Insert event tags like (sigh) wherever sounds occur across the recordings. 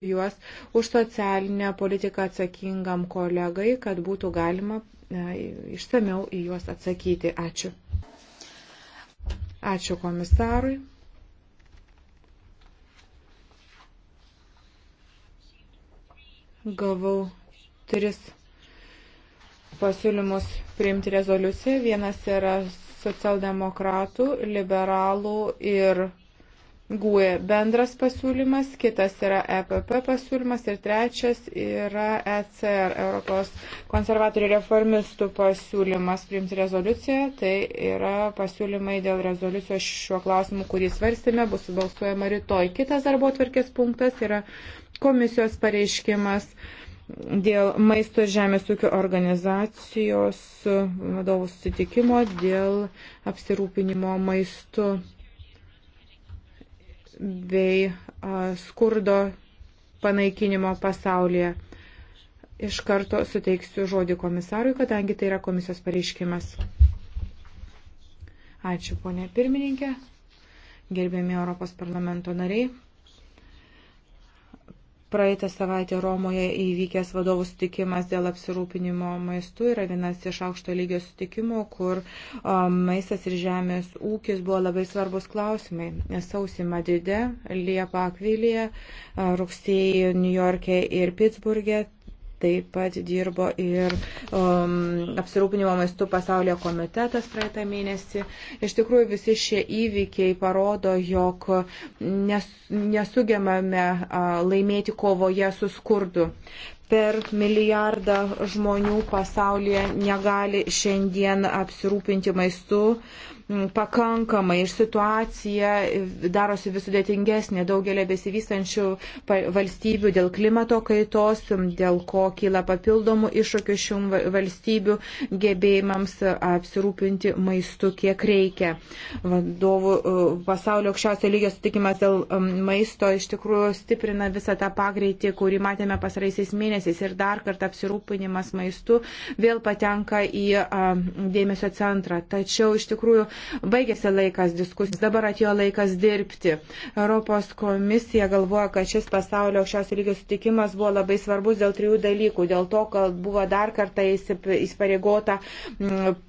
juos už socialinę politiką atsakingam kolegai, kad būtų galima e, išsameu į juos atsakyti. Ačiū. Ačiū komisarui. Gavau tris pasiūlymus priimti rezoliuciją. Vienas yra socialdemokratų, liberalų ir GUE bendras pasiūlymas, kitas yra EPP pasiūlymas ir trečias yra ECR, Europos konservatorių reformistų pasiūlymas priimti rezoliuciją. Tai yra pasiūlymai dėl rezoliucijos šiuo klausimu, kurį svarstėme, bus balsuojama rytoj. Kitas darbo tvarkės punktas yra komisijos pareiškimas dėl maisto žemės ūkio organizacijos vadovų sutikimo dėl apsirūpinimo maistu bei skurdo panaikinimo pasaulyje. Iš karto suteiksiu žodį komisarui, kadangi tai yra komisijos pareiškimas. Ačiū, ponė pirmininkė, gerbėmi Europos parlamento nariai. Praeitą savaitę Romoje įvykęs vadovų sutikimas dėl apsirūpinimo maistu yra vienas iš aukšto lygio sutikimų, kur maistas ir žemės ūkis buvo labai svarbus klausimai. Sausi Madride, Liepa Akvilėje, rugsėjai Niujorke ir Pittsburgė Taip pat dirbo ir um, apsirūpinimo maistu pasaulio komitetas praeitą mėnesį. Iš tikrųjų visi šie įvykiai parodo, jog nes, nesugebame uh, laimėti kovoje su skurdu per milijardą žmonių pasaulyje negali šiandien apsirūpinti maistu, pakankamai ir situacija darosi vis sudėtingesnė daugelė besivystančių valstybių dėl klimato kaitos, dėl ko kyla papildomų iššūkių šių valstybių gebėjimams apsirūpinti maistu kiek reikia. Vadovų pasaulio aukščiausio lygio sutikimas dėl maisto iš tikrųjų stiprina visą tą pagreitį, kurį matėme pasaraisiais mėnesiais ir dar kartą apsirūpinimas maistu vėl patenka į dėmesio centrą. Tačiau iš tikrųjų Baigėsi laikas diskusijos, dabar atėjo laikas dirbti. Europos komisija galvoja, kad šis pasaulio aukščiausio lygio sutikimas buvo labai svarbus dėl trijų dalykų. Dėl to, kad buvo dar kartą įsipareigota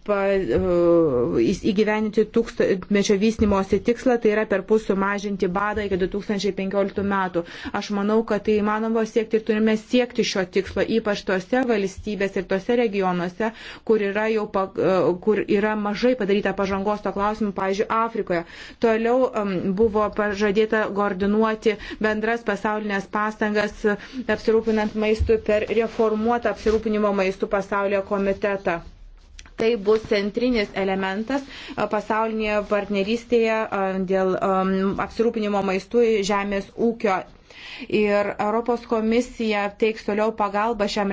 pa, e, įgyveninti tūkstančio vystimosi tikslą, tai yra per pusų mažinti badą iki 2015 metų. Aš manau, kad tai įmanoma siekti ir turime siekti šio tikslo, ypač tose valstybėse ir tose regionuose, kur yra, jau, e, kur yra mažai padaryta pažangos uosto klausimų, pavyzdžiui, Afrikoje. Toliau um, buvo pažadėta koordinuoti bendras pasaulinės pastangas e, apsirūpinant maistų per reformuotą apsirūpinimo maistų pasaulio komitetą. Tai bus centrinis elementas e, pasaulinėje partnerystėje e, dėl apsirūpinimo maistų žemės ūkio Ir Europos komisija teiks toliau pagalbą šiam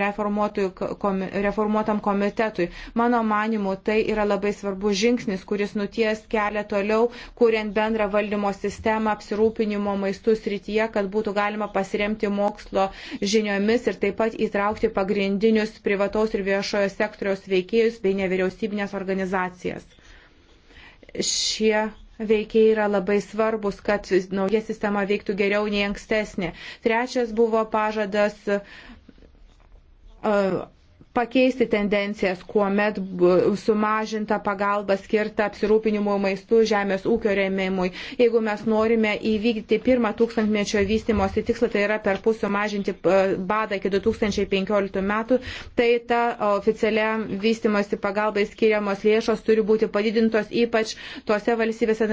komi, reformuotam komitetui. Mano manimu, tai yra labai svarbus žingsnis, kuris nuties kelią toliau, kuriant bendrą valdymo sistemą apsirūpinimo maistų srityje, kad būtų galima pasiremti mokslo žiniomis ir taip pat įtraukti pagrindinius privataus ir viešojo sektoriaus veikėjus bei nevyriausybinės organizacijas. Šie veikiai yra labai svarbus, kad nauja sistema veiktų geriau nei ankstesnė. Trečias buvo pažadas e, pakeisti tendencijas, kuomet sumažinta pagalba skirta apsirūpinimui maistu, žemės ūkio remimui. Jeigu mes norime įvykdyti pirmą tūkstantmečio vystimosi tikslą, tai yra per pusę mažinti e, badą iki 2015 metų, tai ta oficialia vystimosi pagalbai skiriamos lėšos turi būti padidintos ypač tose valstybėse,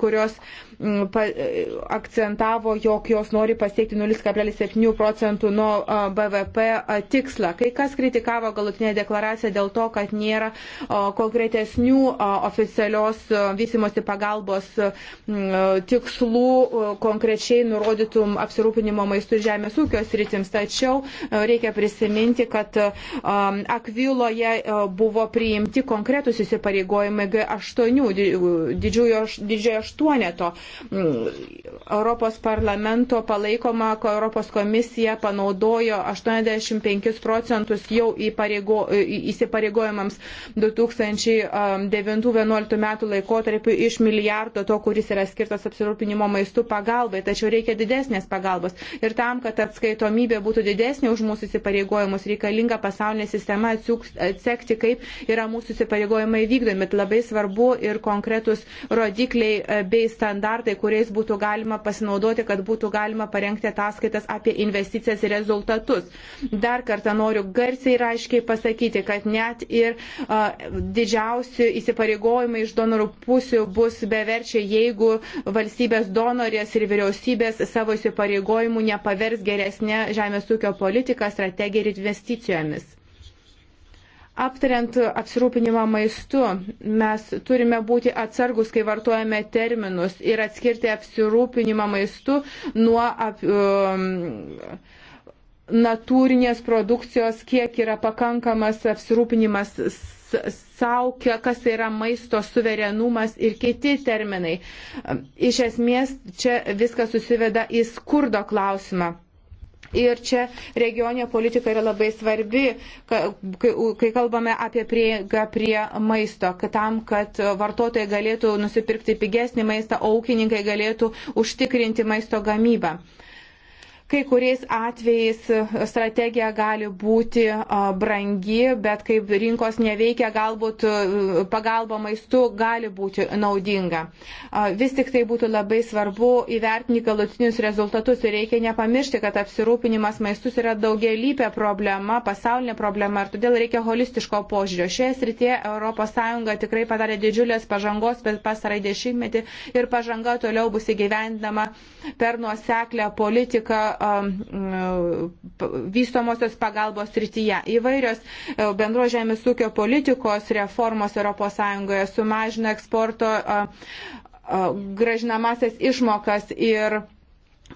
kurios uh, E, akcentavo, jog jos nori pasiekti 0,7 procentų nuo BVP tikslą. Kai kas kritikavo galutinę deklaraciją dėl to, kad nėra konkretesnių oficialios vystimosi pagalbos tikslų konkrečiai nurodytų apsirūpinimo maistų ir žemės ūkio sritims. Tačiau reikia prisiminti, kad Akviloje buvo priimti konkretus įsipareigojimai G8, didžiojo aštuoneto Mm, Europos parlamento palaikoma, ko Europos komisija panaudojo 85 procentus jau įpareigo, įsipareigojimams 2009-2011 metų laikotarpiu iš milijardo to, kuris yra skirtas apsirūpinimo maistų pagalbai, tačiau reikia didesnės pagalbos. Ir tam, kad atskaitomybė būtų didesnė už mūsų įsipareigojimus, reikalinga pasaulinė sistema atsekti, kaip yra mūsų įsipareigojimai vykdomi. Labai svarbu ir konkretus rodikliai e, bei standartai standartai, kuriais būtų galima pasinaudoti, kad būtų galima parengti ataskaitas apie investicijas ir rezultatus. Dar kartą noriu garsiai ir aiškiai pasakyti, kad net ir a, didžiausi įsipareigojimai iš donorų pusių bus beverčiai, jeigu valstybės donorės ir vyriausybės savo įsipareigojimų nepavers geresnė žemės ūkio politika, strategija ir investicijomis. Aptariant apsirūpinimą maistu, mes turime būti atsargus, kai vartojame terminus ir atskirti apsirūpinimą maistu nuo ap, um, natūrinės produkcijos, kiek yra pakankamas apsirūpinimas savo, kas tai yra maisto suverenumas ir kiti terminai. Iš esmės čia viskas susiveda į skurdo klausimą. Ir čia regioninė politika yra labai svarbi, kai kalbame apie prieigą prie maisto, kad tam, kad vartotojai galėtų nusipirkti pigesnį maistą, aukininkai galėtų užtikrinti maisto gamybą. Kai kuriais atvejais e, strategija gali būti e, brangi, bet kaip rinkos neveikia, galbūt e, pagalba maistu gali būti naudinga. Vis tik tai būtų labai svarbu įvertinti galutinius rezultatus ir reikia nepamiršti, kad apsirūpinimas maistus yra daugelįpė problema, pasaulinė problema ir todėl reikia holistiško požiūrio. Šioje srityje ES tikrai padarė didžiulės pažangos per pasarąjį dešimtmetį ir pažanga toliau bus įgyvendama per nuoseklę politiką Um, vystomosios pagalbos srityje. Įvairios uh, bendro žemės ūkio politikos reformos ES sumažina eksporto uh, uh, gražinamasias išmokas ir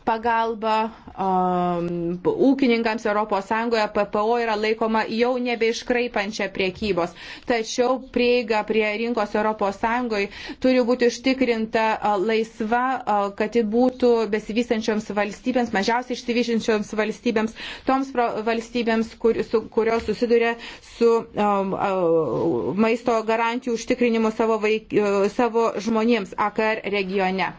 pagalba um, ūkininkams ES PPO yra laikoma jau nebeiškraipančia priekybos. Tačiau prieiga prie rinkos ES turi būti užtikrinta uh, laisva, uh, kad ji būtų besivystančioms valstybėms, mažiausiai išsivyšinčioms valstybėms, toms valstybėms, kur, su, kurios susiduria su um, uh, maisto garantijų užtikrinimu savo, vaik, uh, savo žmonėms AKR regione.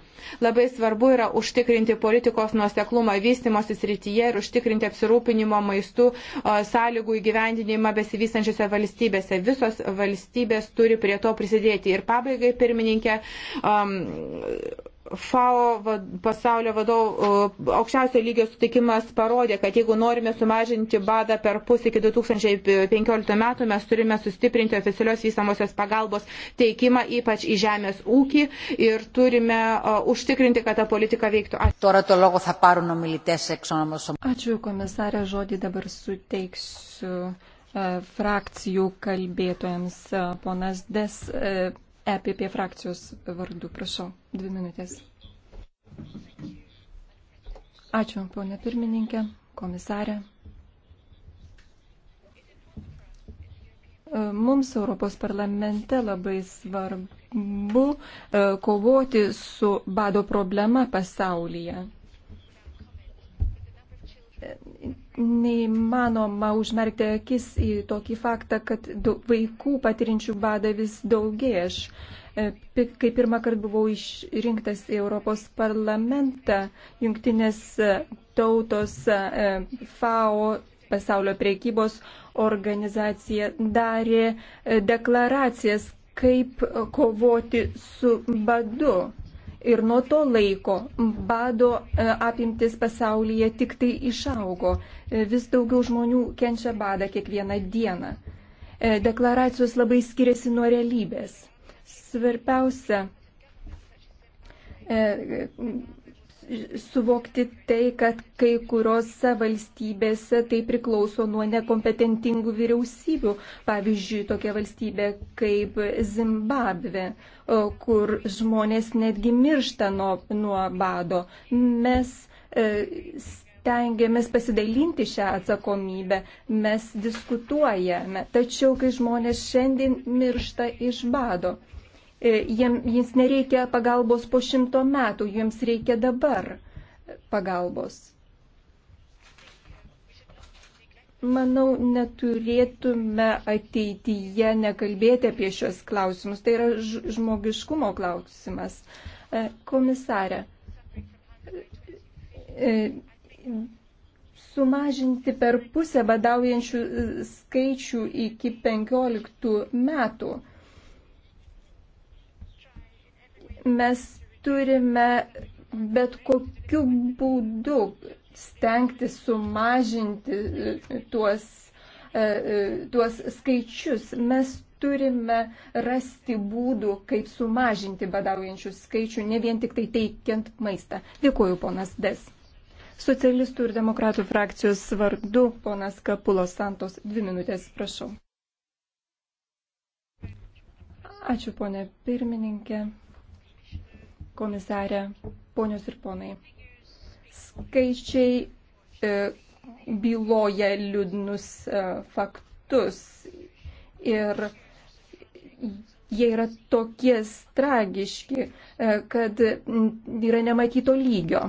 Labai svarbu yra užtikrinti politikos nuoseklumą vystimosi srityje ir užtikrinti apsirūpinimo maistų sąlygų įgyvendinimą besivystančiose valstybėse. Visos valstybės turi prie to prisidėti. Ir pabaigai, pirmininkė, um, FAO pasaulio vadovų aukščiausio lygio sutikimas parodė, kad jeigu norime sumažinti badą per pus iki 2015 metų, mes turime sustiprinti oficialios vysamosios pagalbos teikimą, ypač į žemės ūkį ir turime užtikrinti, kad ta politika veiktų. Ačiū, komisarė, žodį dabar suteiksiu frakcijų kalbėtojams. Ponas Des EPP frakcijos vardu. Prašau, dvi minutės. Ačiū, ponė pirmininkė, komisarė. Mums Europos parlamente labai svarbu e, kovoti su bado problema pasaulyje. neįmanoma užmerkti akis į tokį faktą, kad vaikų patirinčių badą vis daugėja. Aš, e, kai pirmą kartą buvau išrinktas į Europos parlamentą, jungtinės e, tautos e, FAO pasaulio priekybos organizacija darė deklaracijas, kaip kovoti su badu. Ir nuo to laiko bado e, apimtis pasaulyje tik tai išaugo. E, vis daugiau žmonių kenčia badą kiekvieną dieną. E, deklaracijos labai skiriasi nuo realybės. Svarbiausia suvokti tai, kad kai kuriuose valstybėse tai priklauso nuo nekompetentingų vyriausybių. Pavyzdžiui, tokia valstybė kaip Zimbabve, kur žmonės netgi miršta nuo, nuo bado. Mes e, stengiamės pasidalinti šią atsakomybę, mes diskutuojame, tačiau kai žmonės šiandien miršta iš bado E, jiems nereikia pagalbos po šimto metų, jiems reikia dabar pagalbos. Manau, neturėtume ateityje nekalbėti apie šios klausimus. Tai yra žmogiškumo klausimas. E, komisarė, e, sumažinti per pusę badaujančių skaičių iki 15 metų. mes turime bet kokiu būdu stengti sumažinti e, tuos, e, e, tuos skaičius. Mes turime rasti būdų, kaip sumažinti badaujančių skaičių, ne vien tik tai teikiant maistą. Dėkuoju, ponas Des. Socialistų ir demokratų frakcijos vardu, ponas Kapulos Santos, dvi minutės, prašau. Ačiū, ponė pirmininkė komisarė, ponios ir ponai. Skaičiai e, byloja liūdnus e, faktus ir jie yra tokie tragiški, e, kad yra nematyto lygio.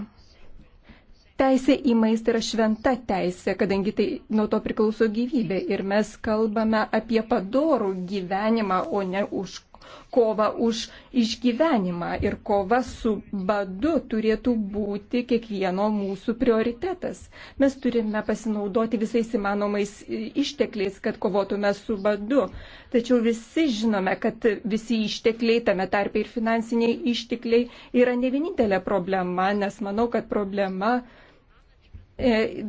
Teisė į maistą yra šventa teisė, kadangi tai nuo to priklauso gyvybė. Ir mes kalbame apie padorų gyvenimą, o ne už kova už išgyvenimą ir kova su badu turėtų būti kiekvieno mūsų prioritetas. Mes turime pasinaudoti visais įmanomais ištekliais, kad kovotume su badu. Tačiau visi žinome, kad visi ištekliai, tame tarpe ir finansiniai ištekliai, yra ne vienintelė problema, nes manau, kad problema e,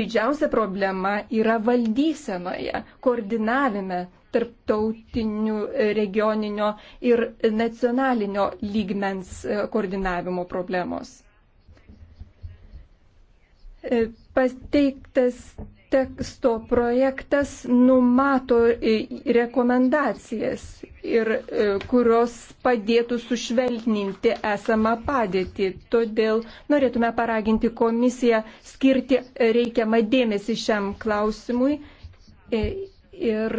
didžiausia problema yra valdysenoje, koordinavime tarptautinių e, regioninio ir nacionalinio lygmens e, koordinavimo problemos. E, pateiktas teksto projektas numato rekomendacijas, ir, kurios padėtų sušvelninti esamą padėtį. Todėl norėtume paraginti komisiją skirti reikiamą dėmesį šiam klausimui ir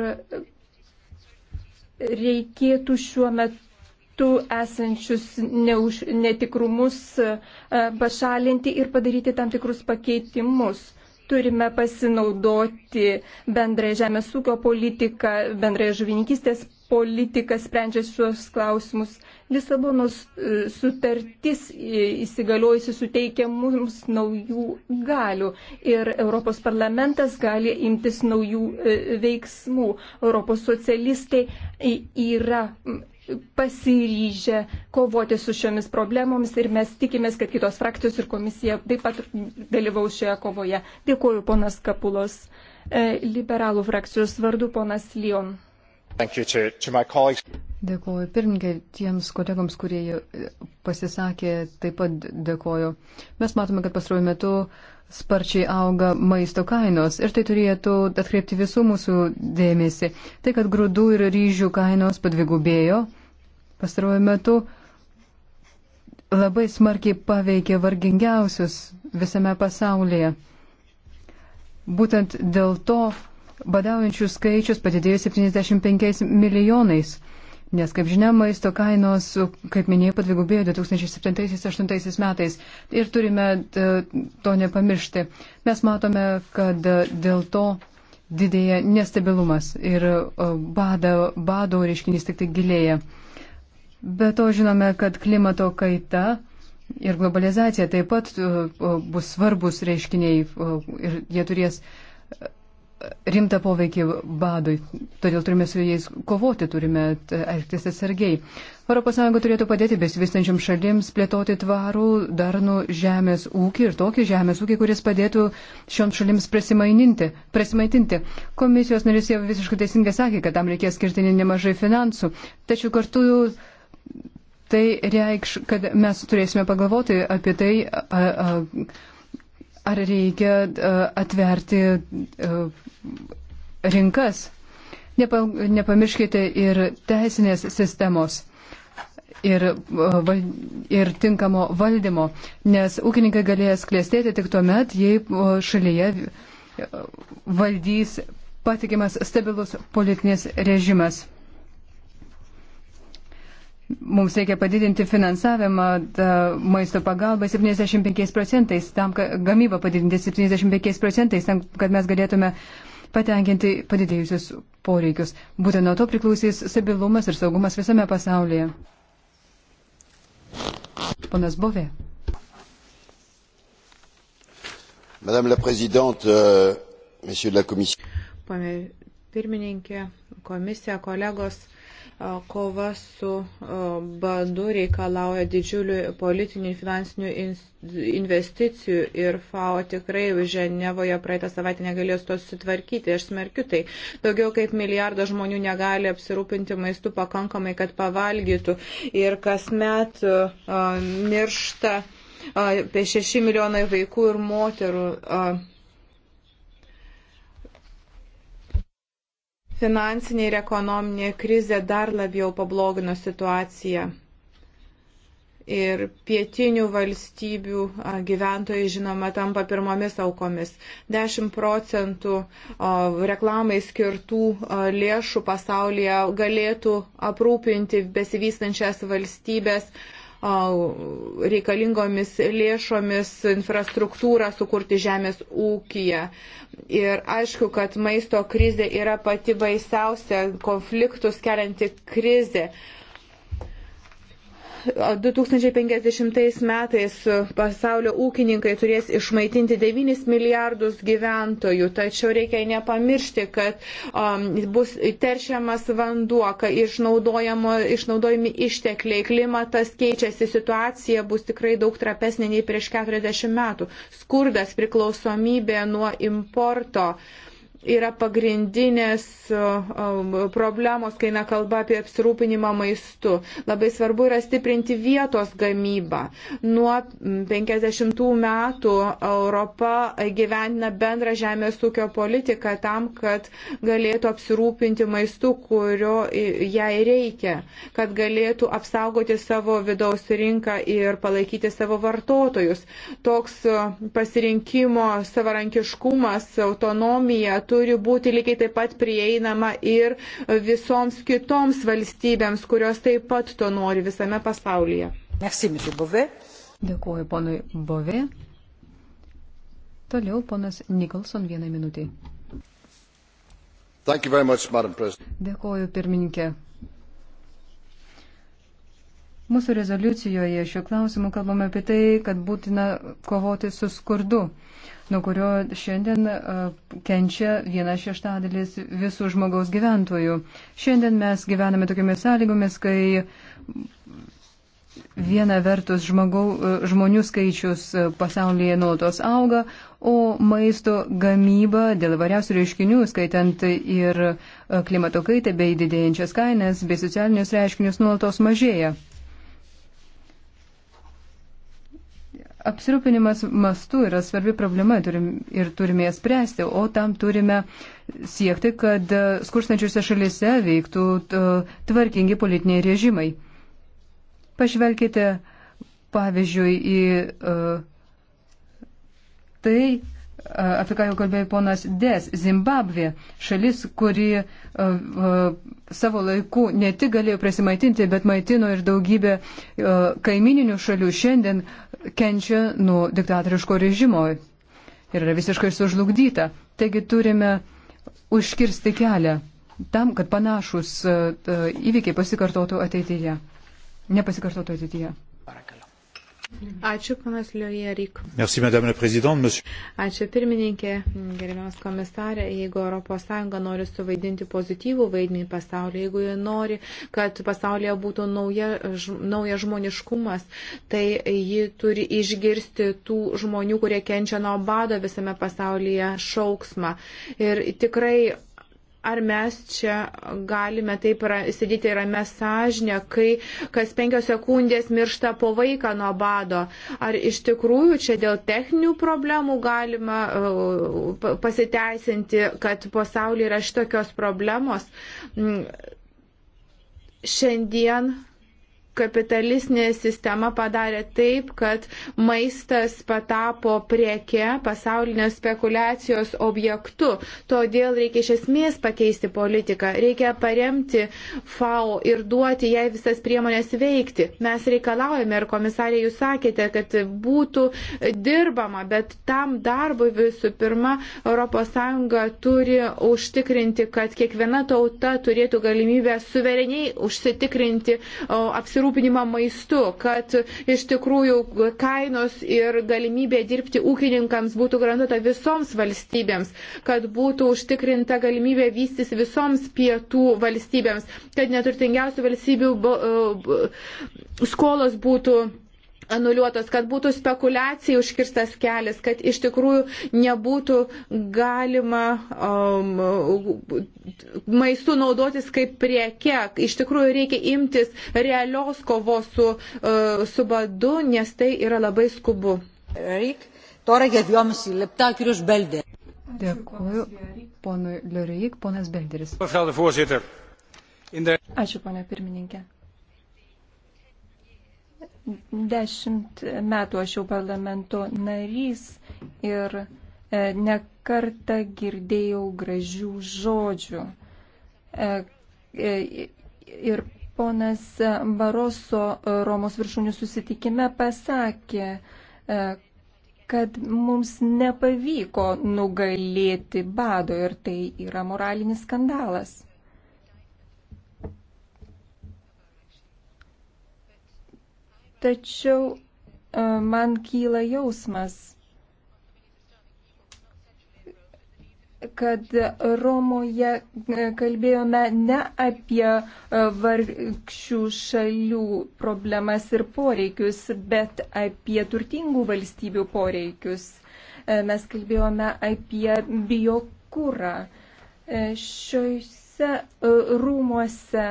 reikėtų šiuo metu esančius neuž, netikrumus e, pašalinti ir padaryti tam tikrus pakeitimus. Turime pasinaudoti bendrąją žemės ūkio politiką, bendrąją žuvininkystės politika sprendžia šios klausimus. Lisabonos e, sutartis e, įsigaliojusi suteikia mums naujų galių ir Europos parlamentas gali imtis naujų e, veiksmų. Europos socialistai yra pasiryžę kovoti su šiomis problemomis ir mes tikimės, kad kitos frakcijos ir komisija taip pat dalyvaus šioje kovoje. Dėkuoju, ponas Kapulos. Liberalų frakcijos vardu, ponas Lion. Dėkuoju pirmininkė tiems kolegams, kurie e, pasisakė, taip pat dėkuoju. Mes matome, kad pastaruoju metu sparčiai auga maisto kainos ir tai turėtų atkreipti visų mūsų dėmesį. Tai, kad grūdų ir ryžių kainos padvigubėjo pastaruoju metu, labai smarkiai paveikė vargingiausius visame pasaulyje. Būtent dėl to Badaujančių skaičius padidėjo 75 milijonais. Nes, kaip žinia, maisto kainos, kaip minėjau, padvigubėjo 2007-2008 metais ir turime e, to nepamiršti. Mes matome, kad e, dėl to didėja nestabilumas ir e, bada, bado reiškinys tik tai gilėja. Be to žinome, kad klimato kaita ir globalizacija taip pat bus svarbus reiškiniai ir jie turės rimtą poveikį badui, todėl turime su jais kovoti, turime elgtis atsargiai. ES turėtų padėti besivystančiam šalims plėtoti tvarų, darnų žemės ūkį ir tokį žemės ūkį, kuris padėtų šioms šalims prasimaitinti. Komisijos narys jau visiškai teisingai sakė, kad tam reikės skirti nemažai finansų, tačiau kartu tai reikš, kad mes turėsime pagalvoti apie tai. A, a, ar reikia e, atverti e, rinkas. Nepamirškite ir teisinės sistemos ir, e, ir tinkamo valdymo, nes ūkininkai galės klėstėti tik tuo met, jei šalyje valdys patikimas stabilus politinis režimas. Mums reikia padidinti finansavimą maisto pagalbą 75 procentais, tam, kad gamybą padidinti 75 procentais, tam, kad mes galėtume patenkinti padidėjusius poreikius. Būtent nuo to priklausys stabilumas ir saugumas visame pasaulyje. Ponas Bovė. Madame la Présidente, euh, Monsieur de la Commission. Pane pirmininkė, komisija, kolegos. Euh, kova su badu reikalauja didžiulių politinių ir finansinių investicijų ir FAO tikrai Ženevoje praeitą savaitę negalėjo su to susitvarkyti. Aš smerkiu tai. Daugiau kaip milijardas žmonių negali apsirūpinti maistu pakankamai, kad pavalgytų. Ir kasmet uh, miršta apie 6 milijonai vaikų ir moterų. Uh, Finansinė ir ekonominė krizė dar labiau pablogino situaciją. Ir pietinių valstybių gyventojai, žinoma, tampa pirmomis aukomis. 10 procentų reklamai skirtų lėšų pasaulyje galėtų aprūpinti besivystančias valstybės reikalingomis lėšomis infrastruktūrą sukurti žemės ūkiją. Ir aišku, kad maisto krizė yra pati baisiausia konfliktus kelianti krizė. 2050 metais pasaulio ūkininkai turės išmaitinti 9 milijardus gyventojų, tačiau reikia nepamiršti, kad um, bus teršiamas vanduo, kad išnaudojami ištekliai, klimatas keičiasi, situacija bus tikrai daug trapesnė nei prieš 40 metų. Skurdas priklausomybė nuo importo. Um, yra pagrindinės problemos, kai eina kalba apie apsirūpinimą maistu. Labai svarbu yra stiprinti vietos gamybą. Nuo 50 metų Europa gyvenina bendrą žemės ūkio politiką tam, kad galėtų apsirūpinti maistu, kurio jai reikia, kad galėtų apsaugoti savo vidaus rinką ir palaikyti savo vartotojus. Toks pasirinkimo savarankiškumas, autonomija turi būti lygiai taip pat prieinama ir visoms kitoms valstybėms, kurios taip pat to nori visame pasaulyje. Merci, Dėkuoju ponui Bove. Toliau ponas Nikolson vieną minutį. Much, Dėkuoju pirmininkė. Mūsų rezoliucijoje šiuo klausimu kalbame apie tai, kad būtina kovoti su skurdu nuo kurio šiandien kenčia viena šeštadalis visų žmogaus gyventojų. Šiandien mes gyvename tokiamis sąlygomis, kai Viena vertus žmogau, žmonių skaičius pasaulyje nuolatos auga, o maisto gamyba dėl variausių reiškinių, skaitant ir klimato kaitą bei didėjančias kainas bei socialinius reiškinius nuolatos mažėja. Apsirūpinimas mastu yra svarbi problema turim, ir turime ją spręsti, o tam turime siekti, kad skurstančiose šalise veiktų tvarkingi politiniai režimai. Pažvelkite, pavyzdžiui, į uh, tai, apie ką jau kalbėjo ponas Des, Zimbabvė, šalis, kuri savo laiku ne tik galėjo prasimaitinti, bet maitino ir daugybė kaimininių šalių, šiandien kenčia nuo diktatoriško režimo ir yra visiškai sužlugdyta. Taigi turime užkirsti kelią tam, kad panašus įvykiai pasikartotų ateityje. Nepasikartotų ateityje. Parakal. Ačiū, panas Liojerik. Merci, madame la présidente, monsieur. Ačiū, pirmininkė, gerbiamas komisarė. Jeigu ES nori suvaidinti pozityvų vaidmenį pasaulyje, jeigu jie nori, kad pasaulyje būtų nauja, ž, nauja žmoniškumas, tai ji turi išgirsti tų žmonių, kurie kenčia nuo bado visame pasaulyje šauksmą. Ir tikrai Ar mes čia galime taip ra sėdėti rame sąžinę, kai kas penkios sekundės miršta po vaiką nuo bado? Ar iš tikrųjų čia dėl techninių problemų galima uh, pasiteisinti, kad pasaulyje yra šitokios problemos? Mm, šiandien kapitalistinė sistema padarė taip, kad maistas patapo prieke pasaulinės spekulacijos objektu. Todėl reikia iš esmės pakeisti politiką, reikia paremti FAO ir duoti jai visas priemonės veikti. Mes reikalaujame ir komisarė jūs sakėte, kad būtų dirbama, bet tam darbui visų pirma ES turi užtikrinti, kad kiekviena tauta turėtų galimybę suvereniai užsitikrinti apsirūpinti apsirūpinimą maistu, kad iš tikrųjų kainos ir galimybė dirbti ūkininkams būtų garantuota visoms valstybėms, kad būtų užtikrinta galimybė vystis visoms pietų valstybėms, kad neturtingiausių valstybių e, skolos būtų anuliuotos, kad būtų spekulacijai užkirstas kelias, kad iš tikrųjų nebūtų galima um, maistų naudotis kaip prieke. Iš tikrųjų reikia imtis realios kovos su, uh, su badu, nes tai yra labai skubu. Reik, tora για δυόμιση λεπτά ο κύριος Μπέλντερ. Dėkuoju, ponui Liureik, ponas Belderis. Ačiū, ponia pirmininkė. Dešimt metų aš jau parlamento narys ir e, nekarta girdėjau gražių žodžių. E, e, ir ponas Baroso Romos viršūnių susitikime pasakė, kad mums nepavyko nugalėti bado ir tai yra moralinis skandalas. Tačiau e, man kyla jausmas, kad Romoje e, kalbėjome ne apie e, vargšių šalių problemas ir poreikius, bet apie turtingų valstybių poreikius. Mes kalbėjome apie biokūrą. Šiuose rūmuose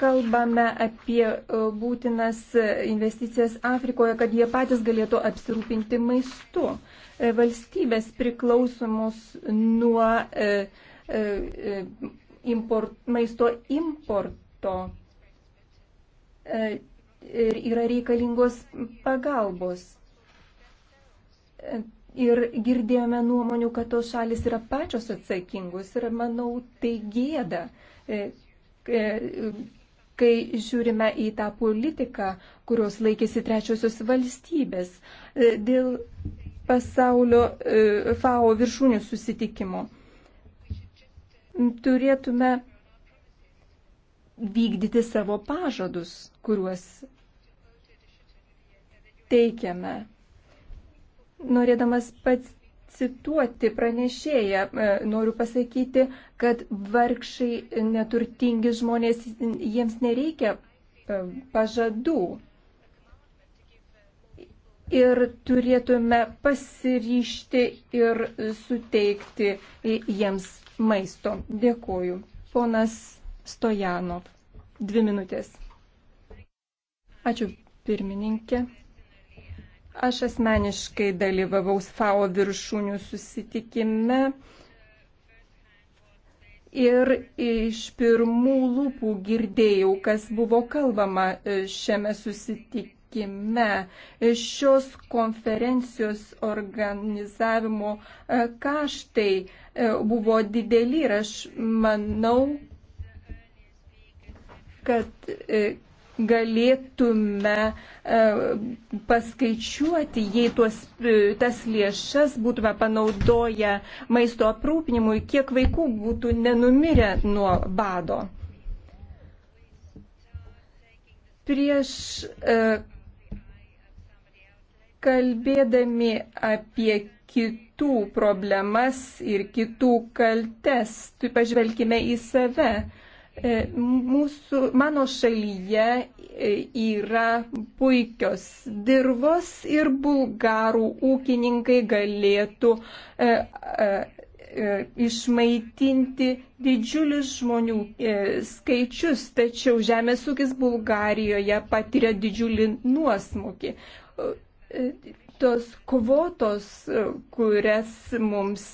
kalbame apie e, būtinas investicijas Afrikoje, kad jie patys galėtų apsirūpinti maistu. E, valstybės priklausomos nuo e, import, maisto importo ir yra reikalingos pagalbos. Ir girdėjome nuomonių, kad tos šalis yra pačios atsakingos ir manau, tai gėda kai žiūrime į tą politiką, kurios laikėsi trečiosios valstybės e, dėl pasaulio e, FAO viršūnių susitikimo. Turėtume vykdyti savo pažadus, kuriuos teikiame. Norėdamas pats cituoti pranešėją. E, noriu pasakyti, kad vargšai e, neturtingi žmonės, jiems nereikia e, pažadų. Ir turėtume pasiryšti ir suteikti jiems maisto. Dėkuoju. Ponas Stojanov. Dvi minutės. Ačiū pirmininkė. Aš asmeniškai dalyvavau FAO viršūnių susitikime ir iš pirmų lūpų girdėjau, kas buvo kalbama e, šiame susitikime. E, šios konferencijos organizavimo e, kaštai buvo dideli ir aš manau, kad galėtume e, paskaičiuoti, jei tuos, e, tas lėšas būtume panaudoję maisto aprūpinimui, kiek vaikų būtų nenumirę nuo bado. Prieš e, kalbėdami apie kitų problemas ir kitų kaltes, tai pažvelkime į save E, mūsų, mano šalyje e, yra puikios dirvos ir bulgarų ūkininkai galėtų e, e, e išmaitinti didžiulius žmonių skaičius, tačiau žemės ūkis Bulgarijoje patiria didžiulį nuosmukį. Tos kvotos, kurias mums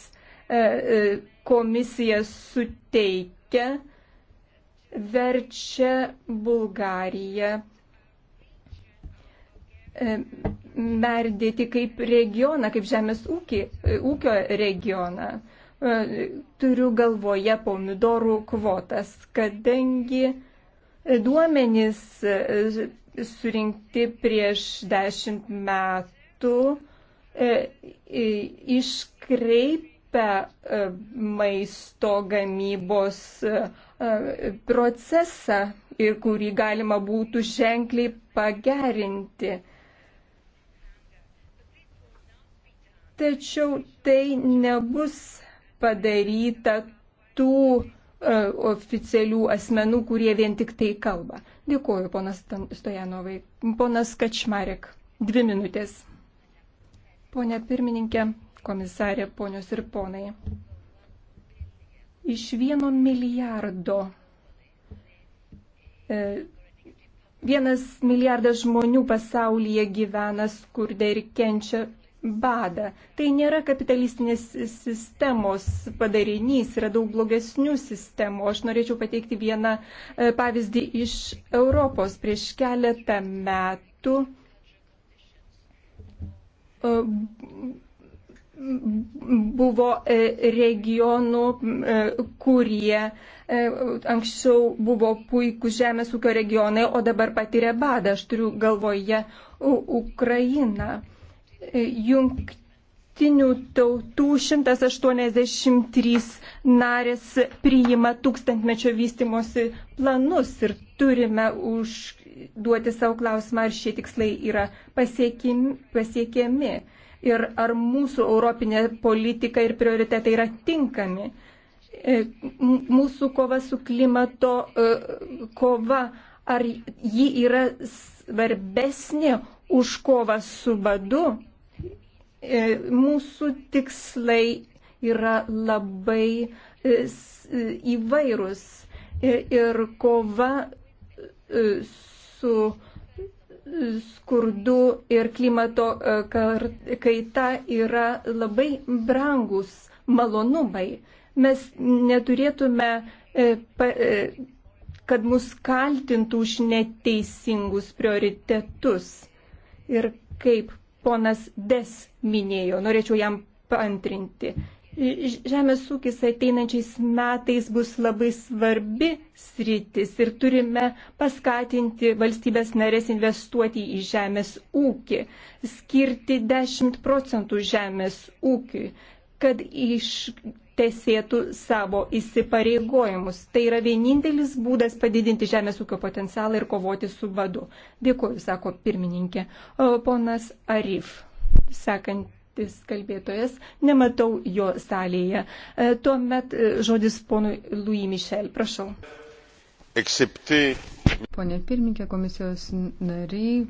komisija suteikia, verčia Bulgariją e, merdėti kaip regioną, kaip žemės ūkį, e, ūkio regioną. E, turiu galvoje pomidorų kvotas, kadangi duomenys surinkti prieš dešimt metų iškreipia maisto gamybos E, procesą ir kurį galima būtų ženkliai pagerinti. Tačiau tai nebus padaryta tų e, oficialių asmenų, kurie vien tik tai kalba. Dėkuoju, ponas Stojanovai. Ponas Kačmarek, dvi minutės. Pone pirmininkė, komisarė, ponios ir ponai iš vieno milijardo. E, vienas milijardas žmonių pasaulyje gyvena skurdė ir kenčia badą. Tai nėra kapitalistinės sistemos padarinys, yra daug blogesnių sistemų. Aš norėčiau pateikti vieną e, pavyzdį iš Europos. Prieš keletą metų e, buvo e, regionų, e, kurie e, anksčiau buvo puikų žemės ūkio regionai, o dabar patiria badą. Aš turiu galvoje Ukrainą. Jungt Jungtinių tautų 183 narės priima tūkstantmečio vystimosi planus ir turime užduoti savo klausimą, ar šie tikslai yra pasiekim, pasiekiami ir ar mūsų europinė politika ir prioritetai yra tinkami. E, mūsų kova su klimato e, kova, ar ji yra svarbesnė už kovą su badu? E, mūsų tikslai yra labai įvairūs ir kova su skurdu ir klimato e, kaita yra labai brangus malonumai. Mes neturėtume, e, e, kad mus kaltintų už neteisingus prioritetus. Ir kaip ponas Des minėjo, norėčiau jam paantrinti. Žemės ūkis ateinančiais metais bus labai svarbi sritis ir turime paskatinti valstybės narės investuoti į žemės ūkį, skirti 10 procentų žemės ūkiui, kad ištesėtų savo įsipareigojimus. Tai yra vienintelis būdas padidinti žemės ūkio potencialą ir kovoti su badu. Dėkuoju, sako pirmininkė. Ponas Arif, sekant Tis kalbėtojas, nematau jo salėje. E, tuomet e, žodis ponui Louis Michel, prašau. Excepté... Pone pirmininkė, komisijos nariai.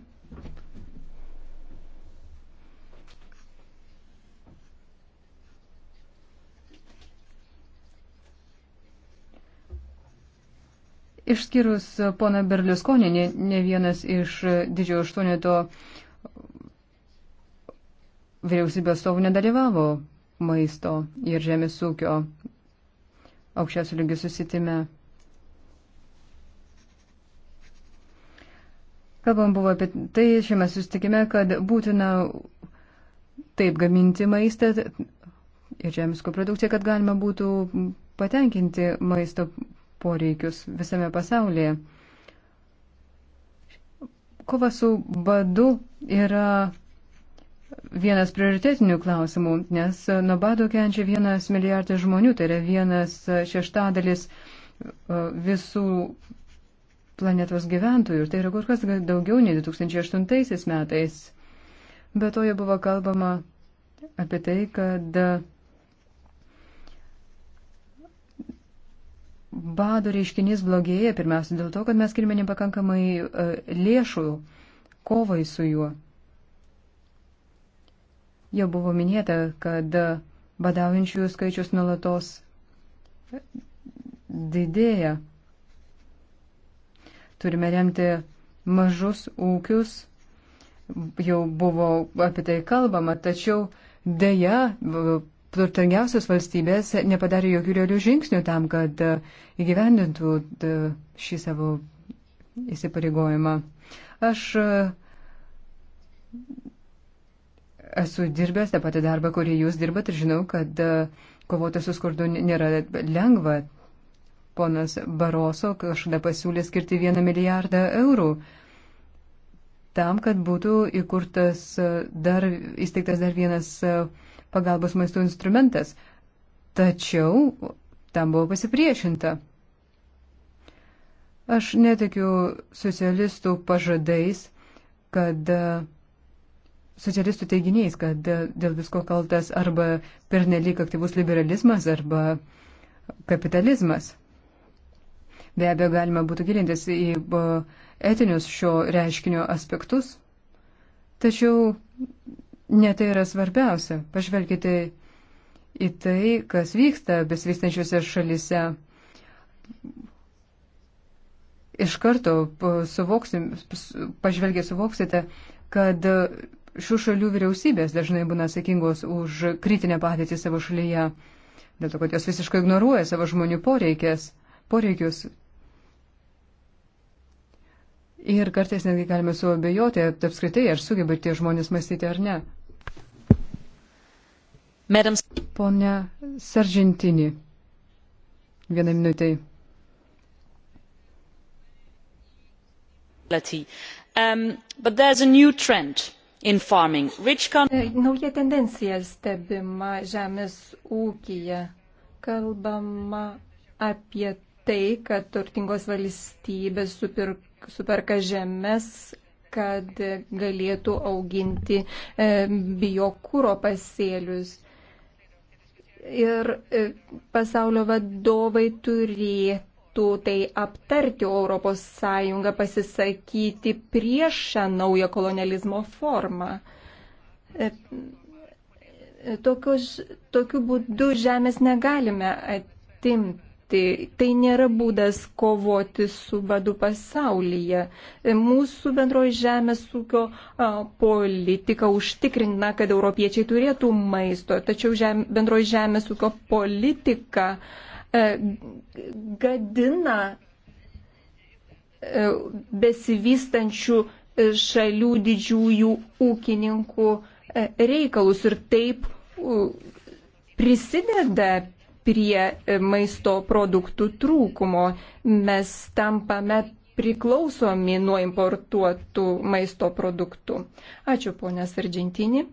Išskyrus poną Berliuskonį, ne, ne vienas iš didžiojo aštuoneto to vyriausybės stovų nedalyvavo maisto ir žemės ūkio aukščiausių lygių susitime. Kalbam buvo apie tai šiame susitikime, kad būtina taip gaminti maistą ir žemiško produkciją, kad galima būtų patenkinti maisto poreikius visame pasaulyje. Kova su badu yra vienas prioritetinių klausimų, nes nuo bado kenčia vienas milijardas žmonių, tai yra vienas šeštadalis e, visų planetos gyventojų ir tai yra kur kas daugiau nei 2008 metais. Be to jau buvo kalbama apie tai, kad bado reiškinys blogėja pirmiausia dėl to, kad mes skirime nepakankamai e, lėšų kovai su juo. Jau buvo minėta, kad badaujančių skaičius nulatos didėja. Turime remti mažus ūkius, jau buvo apie tai kalbama, tačiau dėja turtingiausios valstybės nepadarė jokių realių žingsnių tam, kad įgyvendintų šį savo įsipareigojimą. Aš esu dirbęs tą patį darbą, kurį jūs dirbat ir žinau, kad e, kovoti su skurdu nėra lengva. Ponas Baroso kažkada pasiūlė skirti vieną milijardą eurų tam, kad būtų įkurtas e, dar, įsteigtas dar vienas e, pagalbos maisto instrumentas. Tačiau tam buvo pasipriešinta. Aš netikiu socialistų pažadais, kad uh, socialistų teiginiais, kad dėl visko kaltas arba pernelyg aktyvus liberalizmas arba kapitalizmas. Be abejo, galima būtų gilintis į etinius šio reiškinio aspektus, tačiau netai yra svarbiausia. Pažvelkite į tai, kas vyksta besivystančiuose šalise. Iš karto suvoksim, pažvelgiai suvoksite, kad šių šalių vyriausybės dažnai būna atsakingos už kritinę padėtį savo šalyje, dėl to, kad jos visiškai ignoruoja savo žmonių poreikės, poreikius. Ir kartais netgi galime suabejoti apskritai, ar sugeba tie žmonės mąstyti ar ne. Madams. Pone Saržintinį. Vieną minutę. Um, but there's a new trend in farming. Rich country... E, nauja tendencija stebima žemės ūkija. Kalbama apie tai, kad turtingos valstybės supirk, superka žemės kad galėtų auginti e, biokūro pasėlius. Ir e, pasaulio vadovai turėtų reikėtų tai aptarti, o ES pasisakyti prieš šią naują kolonializmo formą. E, e, tokiu, tokiu būdu žemės negalime atimti. Tai nėra būdas kovoti su badu pasaulyje. E, mūsų bendroji žemės ūkio politika užtikrina, kad europiečiai turėtų maisto, tačiau žem, bendroji žemės ūkio politika a, E, gadina e, besivystančių e, šalių didžiųjų ūkininkų reikalus ir taip prisideda prie maisto produktų trūkumo. Mes tampame priklausomi nuo importuotų maisto produktų. Ačiū, ponas Argentini.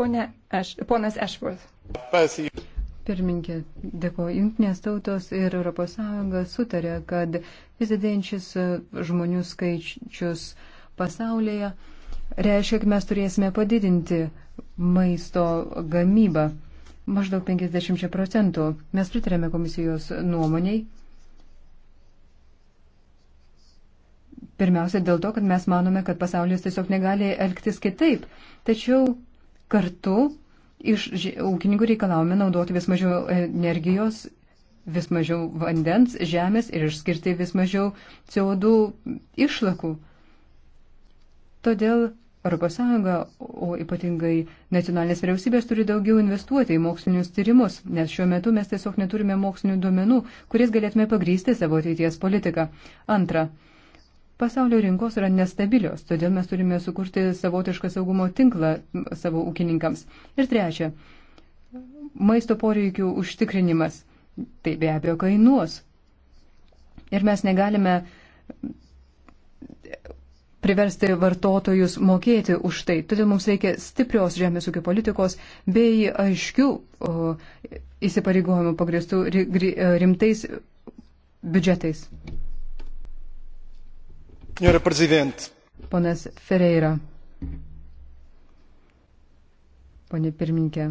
Pone Ash, ponas Ashworth. Pirminkė, dėkoju, Junktinės tautos ir ES sutarė, kad vis didėjančius žmonių skaičius pasaulyje reiškia, kad mes turėsime padidinti maisto gamybą maždaug 50 procentų. Mes pritarėme komisijos nuomoniai. Pirmiausia dėl to, kad mes manome, kad pasaulis tiesiog negali elgtis kitaip. Tačiau kartu iš ūkininkų reikalavome naudoti vis mažiau energijos, vis mažiau vandens, žemės ir išskirti vis mažiau CO2 išlakų. Todėl ES, o ypatingai nacionalinės vyriausybės turi daugiau investuoti į mokslinius tyrimus, nes šiuo metu mes tiesiog neturime mokslinių duomenų, kuriais galėtume pagrysti savo ateities politiką. Antra, Pasaulio rinkos yra nestabilios, todėl mes turime sukurti savotišką saugumo tinklą savo ūkininkams. Ir trečia, maisto poreikių užtikrinimas. Tai be abejo kainuos. Ir mes negalime priversti vartotojus mokėti už tai. Todėl mums reikia stiprios žemės ūkio politikos bei aiškių o, įsipareigojimų pagristų e, rimtais biudžetais. Senhora Presidente. Ponas Ferreira. Pone pirminkė.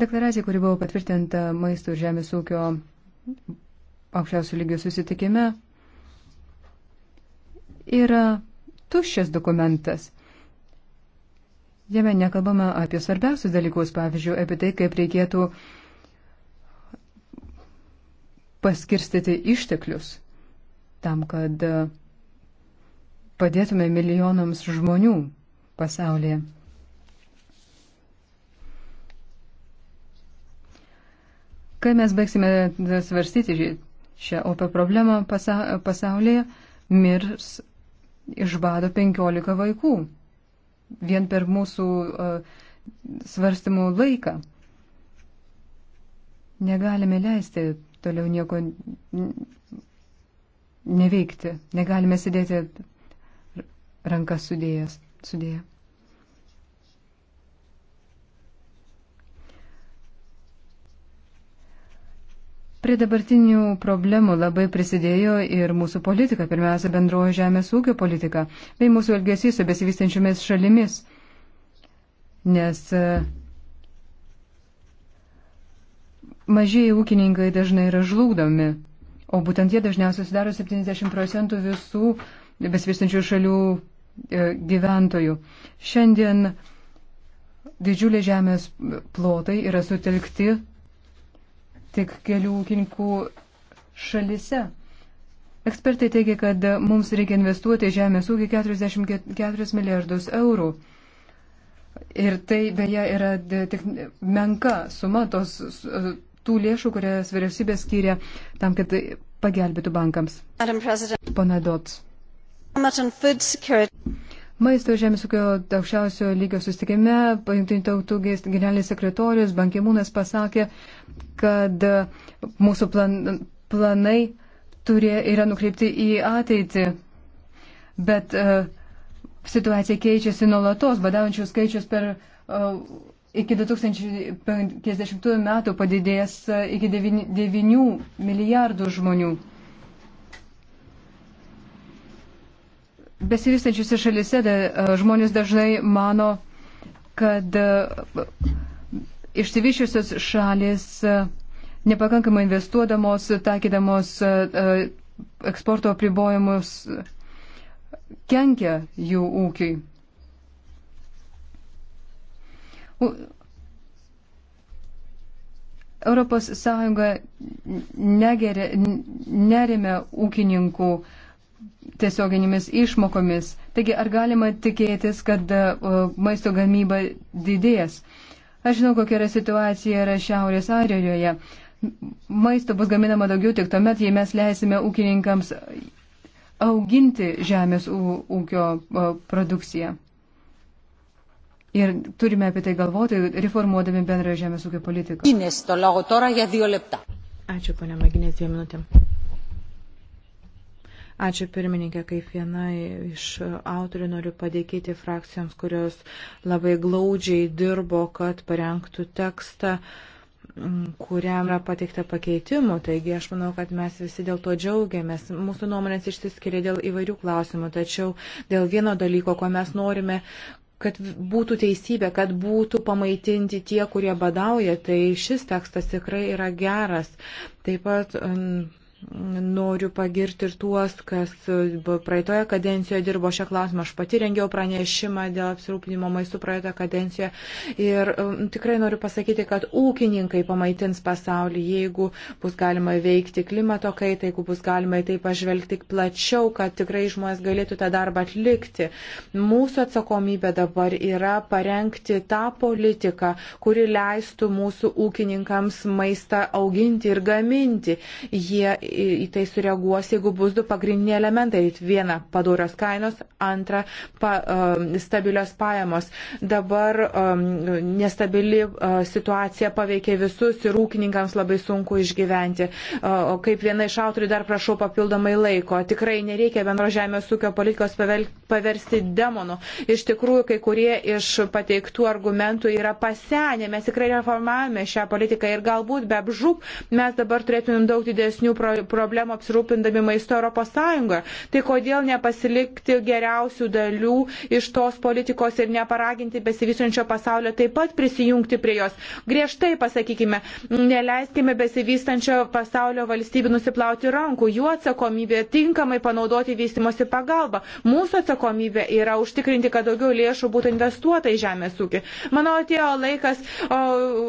Deklaracija, kuri buvo patvirtinta maisto ir žemės ūkio aukščiausių lygių susitikime, yra tuščias dokumentas. Jame nekalbama apie svarbiausius dalykus, pavyzdžiui, apie tai, kaip reikėtų paskirstyti išteklius tam, kad padėtume milijonams žmonių pasaulyje. Kai mes baigsime svarstyti šią opę problemą pasa pasaulyje, mirs iš bado 15 vaikų vien per mūsų uh, svarstymų laiką. Negalime leisti toliau nieko neveikti, negalime sėdėti rankas sudėjęs, sudėję. Prie dabartinių problemų labai prisidėjo ir mūsų politika, pirmiausia bendrojo žemės ūkio politika, bei mūsų elgesys su besivystančiomis šalimis. Nes e, mažieji ūkininkai dažnai yra žlugdomi o būtent jie dažniausiai sudaro 70 procentų visų besvirstančių šalių e, gyventojų. Šiandien didžiuliai žemės plotai yra sutelkti tik kelių ūkininkų šalise. Ekspertai teigia, kad mums reikia investuoti į žemės ūkį 44 milijardus eurų. Ir tai beje yra tik menka suma tos tų lėšų, kurias vyriausybė skyrė tam, kad pagelbėtų bankams. Pana Dots. Maisto žemės ūkio aukščiausio lygio sustikime, jungtinių tautų generalinis sekretorius Bankimūnas pasakė, kad e, mūsų plan, planai turė, yra nukreipti į ateitį, bet uh, situacija keičiasi nuolatos, badaujančių skaičius per uh, iki 2050 metų padidės e, iki 9 milijardų žmonių. Besivystančiuose šalise da, e, žmonės dažnai mano, kad e, išsivyščiusios šalis nepakankamai investuodamos, taikydamos eksporto apribojimus kenkia jų ūkiui. Europos Sąjunga negeria, nerime ūkininkų tiesioginėmis išmokomis. Taigi, ar galima tikėtis, kad e, maisto gamyba didės? Aš žinau, kokia yra situacija yra Šiaurės Airijoje. Maisto bus gaminama daugiau tik tuomet, jei mes leisime ūkininkams auginti žemės ūkio produkciją. Ir turime apie tai galvoti, reformuodami bendrąją žemės ūkio politiką. Ginės, to logo tora, jie dvi lepta. Ačiū, ponia Maginės, dviem minutėm. Ačiū pirmininkė, kaip viena iš autorių noriu padėkyti frakcijoms, kurios labai glaudžiai dirbo, kad parengtų tekstą kuriam yra pateikta pakeitimų. Taigi aš manau, kad mes visi dėl to džiaugiamės. Mūsų nuomonės išsiskiria dėl įvairių klausimų, tačiau dėl vieno dalyko, ko mes norime, kad būtų teisybė, kad būtų pamaitinti tie, kurie badauja, tai šis tekstas tikrai yra geras. Taip pat um, Noriu pagirti ir tuos, kas praeitoje kadencijoje dirbo šią klausimą. Aš pati rengiau pranešimą dėl apsirūpinimo maistų praeitoje kadencijoje. Ir tikrai noriu pasakyti, kad ūkininkai pamaitins pasaulį, jeigu bus galima veikti klimato kaitą, jeigu bus galima į tai pažvelgti plačiau, kad tikrai žmonės galėtų tą darbą atlikti. Mūsų atsakomybė dabar yra parengti tą politiką, kuri leistų mūsų ūkininkams maistą auginti ir gaminti. Jie į tai sureaguos, jeigu bus du pagrindiniai elementai. Viena - padorios kainos, antra pa, um, - stabilios pajamos. Dabar um, nestabili uh, situacija paveikia visus ir ūkininkams labai sunku išgyventi. Uh, kaip viena iš autorių dar prašau papildomai laiko. Tikrai nereikia bendro žemės ūkio politikos paversti demonu. Iš tikrųjų, kai kurie iš pateiktų argumentų yra pasenę. Mes tikrai reformavome šią politiką ir galbūt be apžūp mes dabar turėtumėm daug didesnių projektų problemų apsirūpindami maisto Europos Sąjungoje. Tai kodėl nepasilikti geriausių dalių iš tos politikos ir neparaginti besivystančio pasaulio taip pat prisijungti prie jos. Griežtai pasakykime, neleiskime besivystančio pasaulio valstybių nusiplauti rankų. Jų atsakomybė tinkamai panaudoti vystimosi pagalbą. Mūsų atsakomybė yra užtikrinti, kad daugiau lėšų būtų investuota į žemės ūkį. Manau, atėjo laikas o,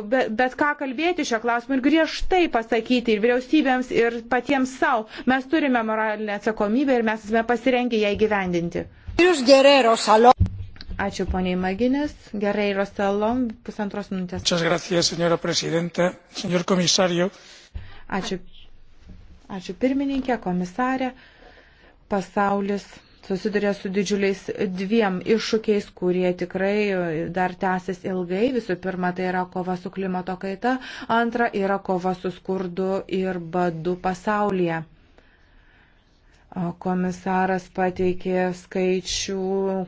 bet, bet ką kalbėti šio klausimu ir griežtai pasakyti ir vyriausybėms, ir patiems patiems savo. Mes turime moralinę atsakomybę ir mes esame pasirengę ją įgyvendinti. Ačiū poniai Maginės. Gerai, Rosalom, pusantros minutės. Gracias, señora señor Ačiū. Ačiū pirmininkė, komisarė. Pasaulis susiduria su didžiuliais dviem iššūkiais, kurie tikrai dar tęsis ilgai. Visų pirma, tai yra kova su klimato kaita, antra yra kova su skurdu ir badu pasaulyje. Komisaras pateikė skaičių,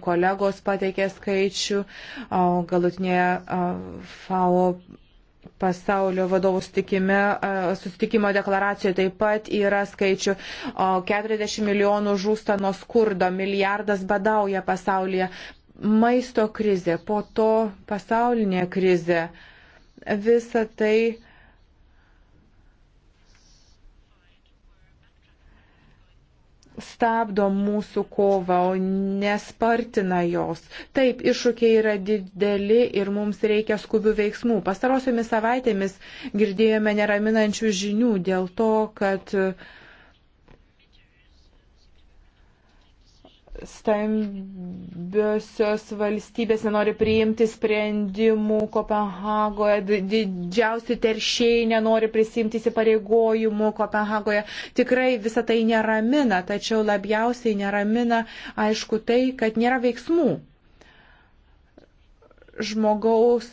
kolegos pateikė skaičių, galutinėje FAO pasaulio vadovų susitikimo deklaracijoje taip pat yra skaičių 40 milijonų žūsta nuo skurdo, milijardas badauja pasaulyje, maisto krizė, po to pasaulinė krizė. Visa tai stabdo mūsų kovą, o nespartina jos. Taip, iššūkiai yra dideli ir mums reikia skubių veiksmų. Pastarosiomis savaitėmis girdėjome neraminančių žinių dėl to, kad uh, stambiosios valstybės nenori priimti sprendimų Kopenhagoje, didžiausi teršiai nenori prisimti įsipareigojimų Kopenhagoje. Tikrai visa tai neramina, tačiau labiausiai neramina, aišku, tai, kad nėra veiksmų. Žmogaus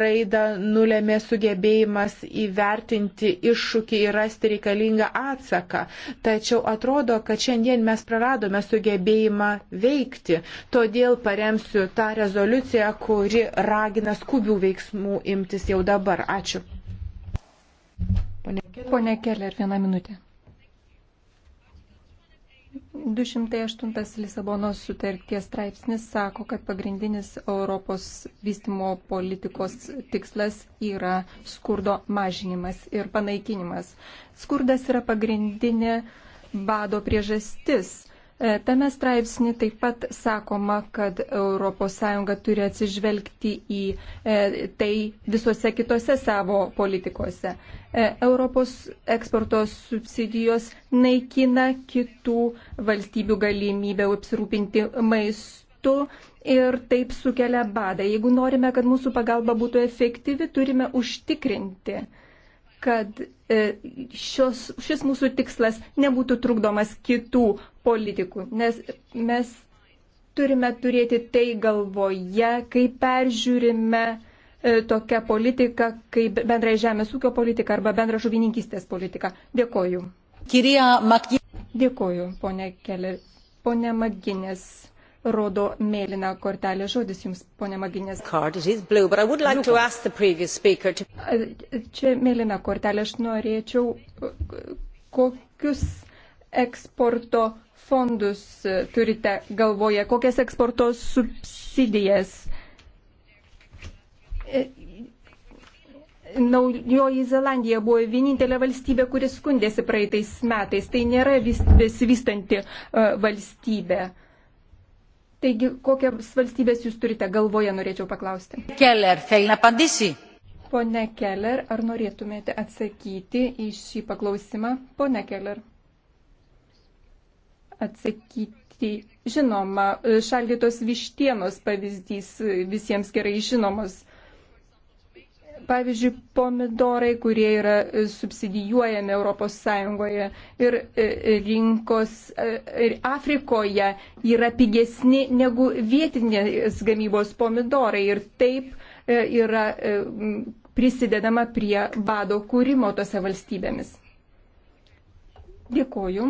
raidą nulėmė sugebėjimas įvertinti iššūkį ir rasti reikalingą atsaką. Tačiau atrodo, kad šiandien mes praradome sugebėjimą veikti. Todėl paremsiu tą rezoliuciją, kuri ragina skubių veiksmų imtis jau dabar. Ačiū. Pone Keller, Pone Keller vieną minutę. 208 Lisabonos sutarties straipsnis sako, kad pagrindinis Europos vystimo politikos tikslas yra skurdo mažinimas ir panaikinimas. Skurdas yra pagrindinė bado priežastis E, tame straipsnė taip pat sakoma, kad ES turi atsižvelgti į e, tai visose kitose savo politikose. E, Europos eksporto subsidijos naikina kitų valstybių galimybę apsirūpinti maistu ir taip sukelia badą. Jeigu norime, kad mūsų pagalba būtų efektyvi, turime užtikrinti, kad e, šios, šis mūsų tikslas nebūtų trukdomas kitų politikų, nes mes turime turėti tai galvoje, kai peržiūrime e, tokią politiką, kaip bendrai žemės ūkio politika arba bendra žuvininkystės politika. Dėkoju. Dėkoju, ponė Keller. Ponė Maginės rodo mėlyną kortelę. Žodis jums, ponė Maginės. Like to... Čia mėlyna kortelė. Aš norėčiau, kokius eksporto fondus e, turite galvoje, kokias eksporto subsidijas. E, Naujoji Zelandija buvo vienintelė valstybė, kuris skundėsi praeitais metais. Tai nėra vis, besivystanti uh, valstybė. Uh, Taigi, kokias valstybės jūs turite galvoje, norėčiau paklausti. Keller, Feilna Pandysi. Pone Keller, ar norėtumėte atsakyti į šį paklausimą? Pone Keller. Atsakyti. Žinoma, šaldytos vištienos pavyzdys visiems gerai žinomas pavyzdžiui, pomidorai, kurie yra e, subsidijuojami ES ir e, e, rinkos ir Afrikoje yra pigesni negu vietinės gamybos pomidorai ir taip yra prisidedama prie bado kūrimo tose valstybėmis. Dėkoju.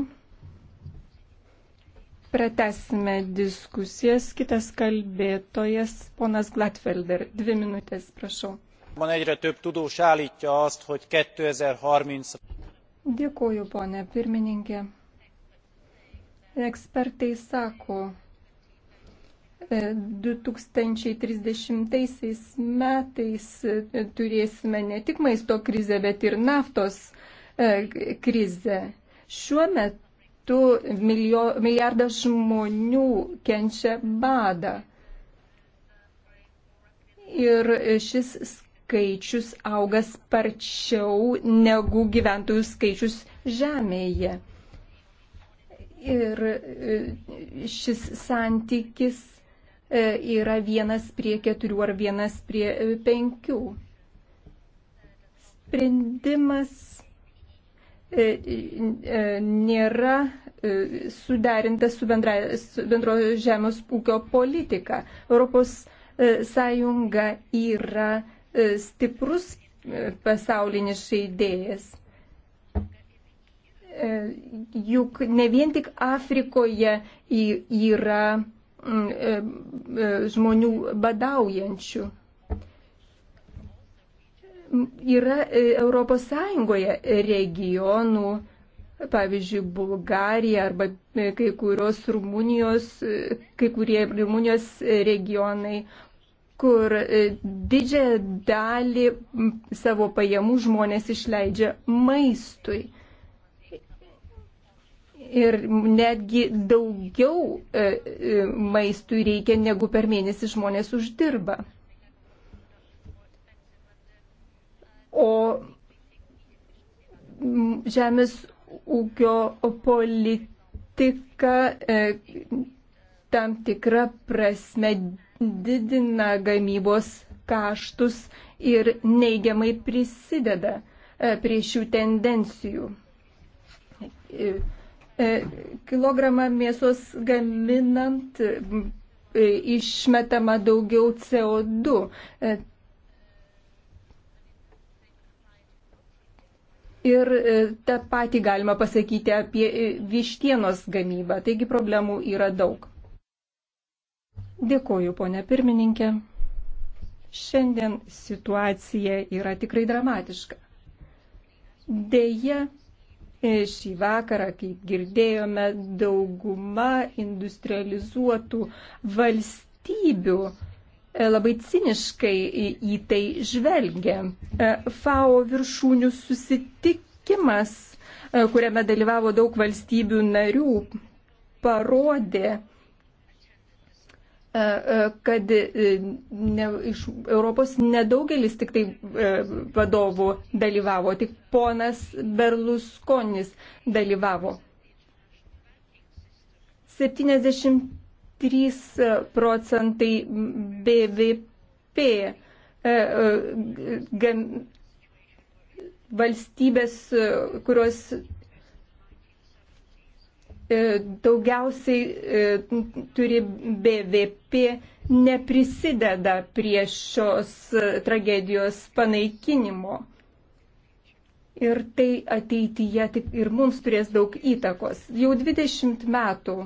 Pratesime diskusijas. Kitas kalbėtojas, ponas Glatfelder. Dvi minutės, prašau. Egyre több tudós állítja azt, hogy 2030. Dėkuoju, ponė pirmininkė. Ekspertai sako, 2030 e, metais e, turėsime ne tik maisto krizę, bet ir naftos e, krizę. Šiuo metu milijo, milijardas žmonių kenčia badą. Ir šis skaičius auga sparčiau negu gyventojų skaičius Žemėje. Ir e, šis santykis e, yra vienas prie keturių ar vienas prie e, penkių. Sprendimas nėra suderintas su, bendra, su bendro žemės ūkio politika. Europos Sąjunga yra E, stiprus e, pasaulinis žaidėjas. E, juk ne vien tik Afrikoje yra žmonių badaujančių. Yra ES regionų, pavyzdžiui, Bulgarija arba kai kurios Rumunijos, kai kurie Rumunijos regionai, kur e, didžiąją dalį savo pajamų žmonės išleidžia maistui. Ir netgi daugiau e, e, maistui reikia, negu per mėnesį žmonės uždirba. O žemės ūkio politika tam tikrą prasme didina gamybos kaštus ir neigiamai prisideda e, prie šių tendencijų. E, e, kilogramą mėsos gaminant išmetama daugiau CO2. Ir tą patį galima pasakyti apie vištienos gamybą. Taigi problemų yra daug. Dėkoju, ponė pirmininkė. Šiandien situacija yra tikrai dramatiška. Deja, e, šį vakarą, kaip girdėjome, dauguma industrializuotų valstybių e, labai ciniškai į tai žvelgia. E, FAO viršūnių susitikimas, kuriame dalyvavo daug valstybių narių, parodė, E, e, kad e, ne, iš Europos nedaugelis tik tai vadovų dalyvavo, tik ponas Berlusconis dalyvavo. 73 procentai BVP valstybės, kurios E, daugiausiai e, turi BVP neprisideda prie šios e, tragedijos panaikinimo. Ir tai ateityje tik ir mums turės daug įtakos. Jau 20 metų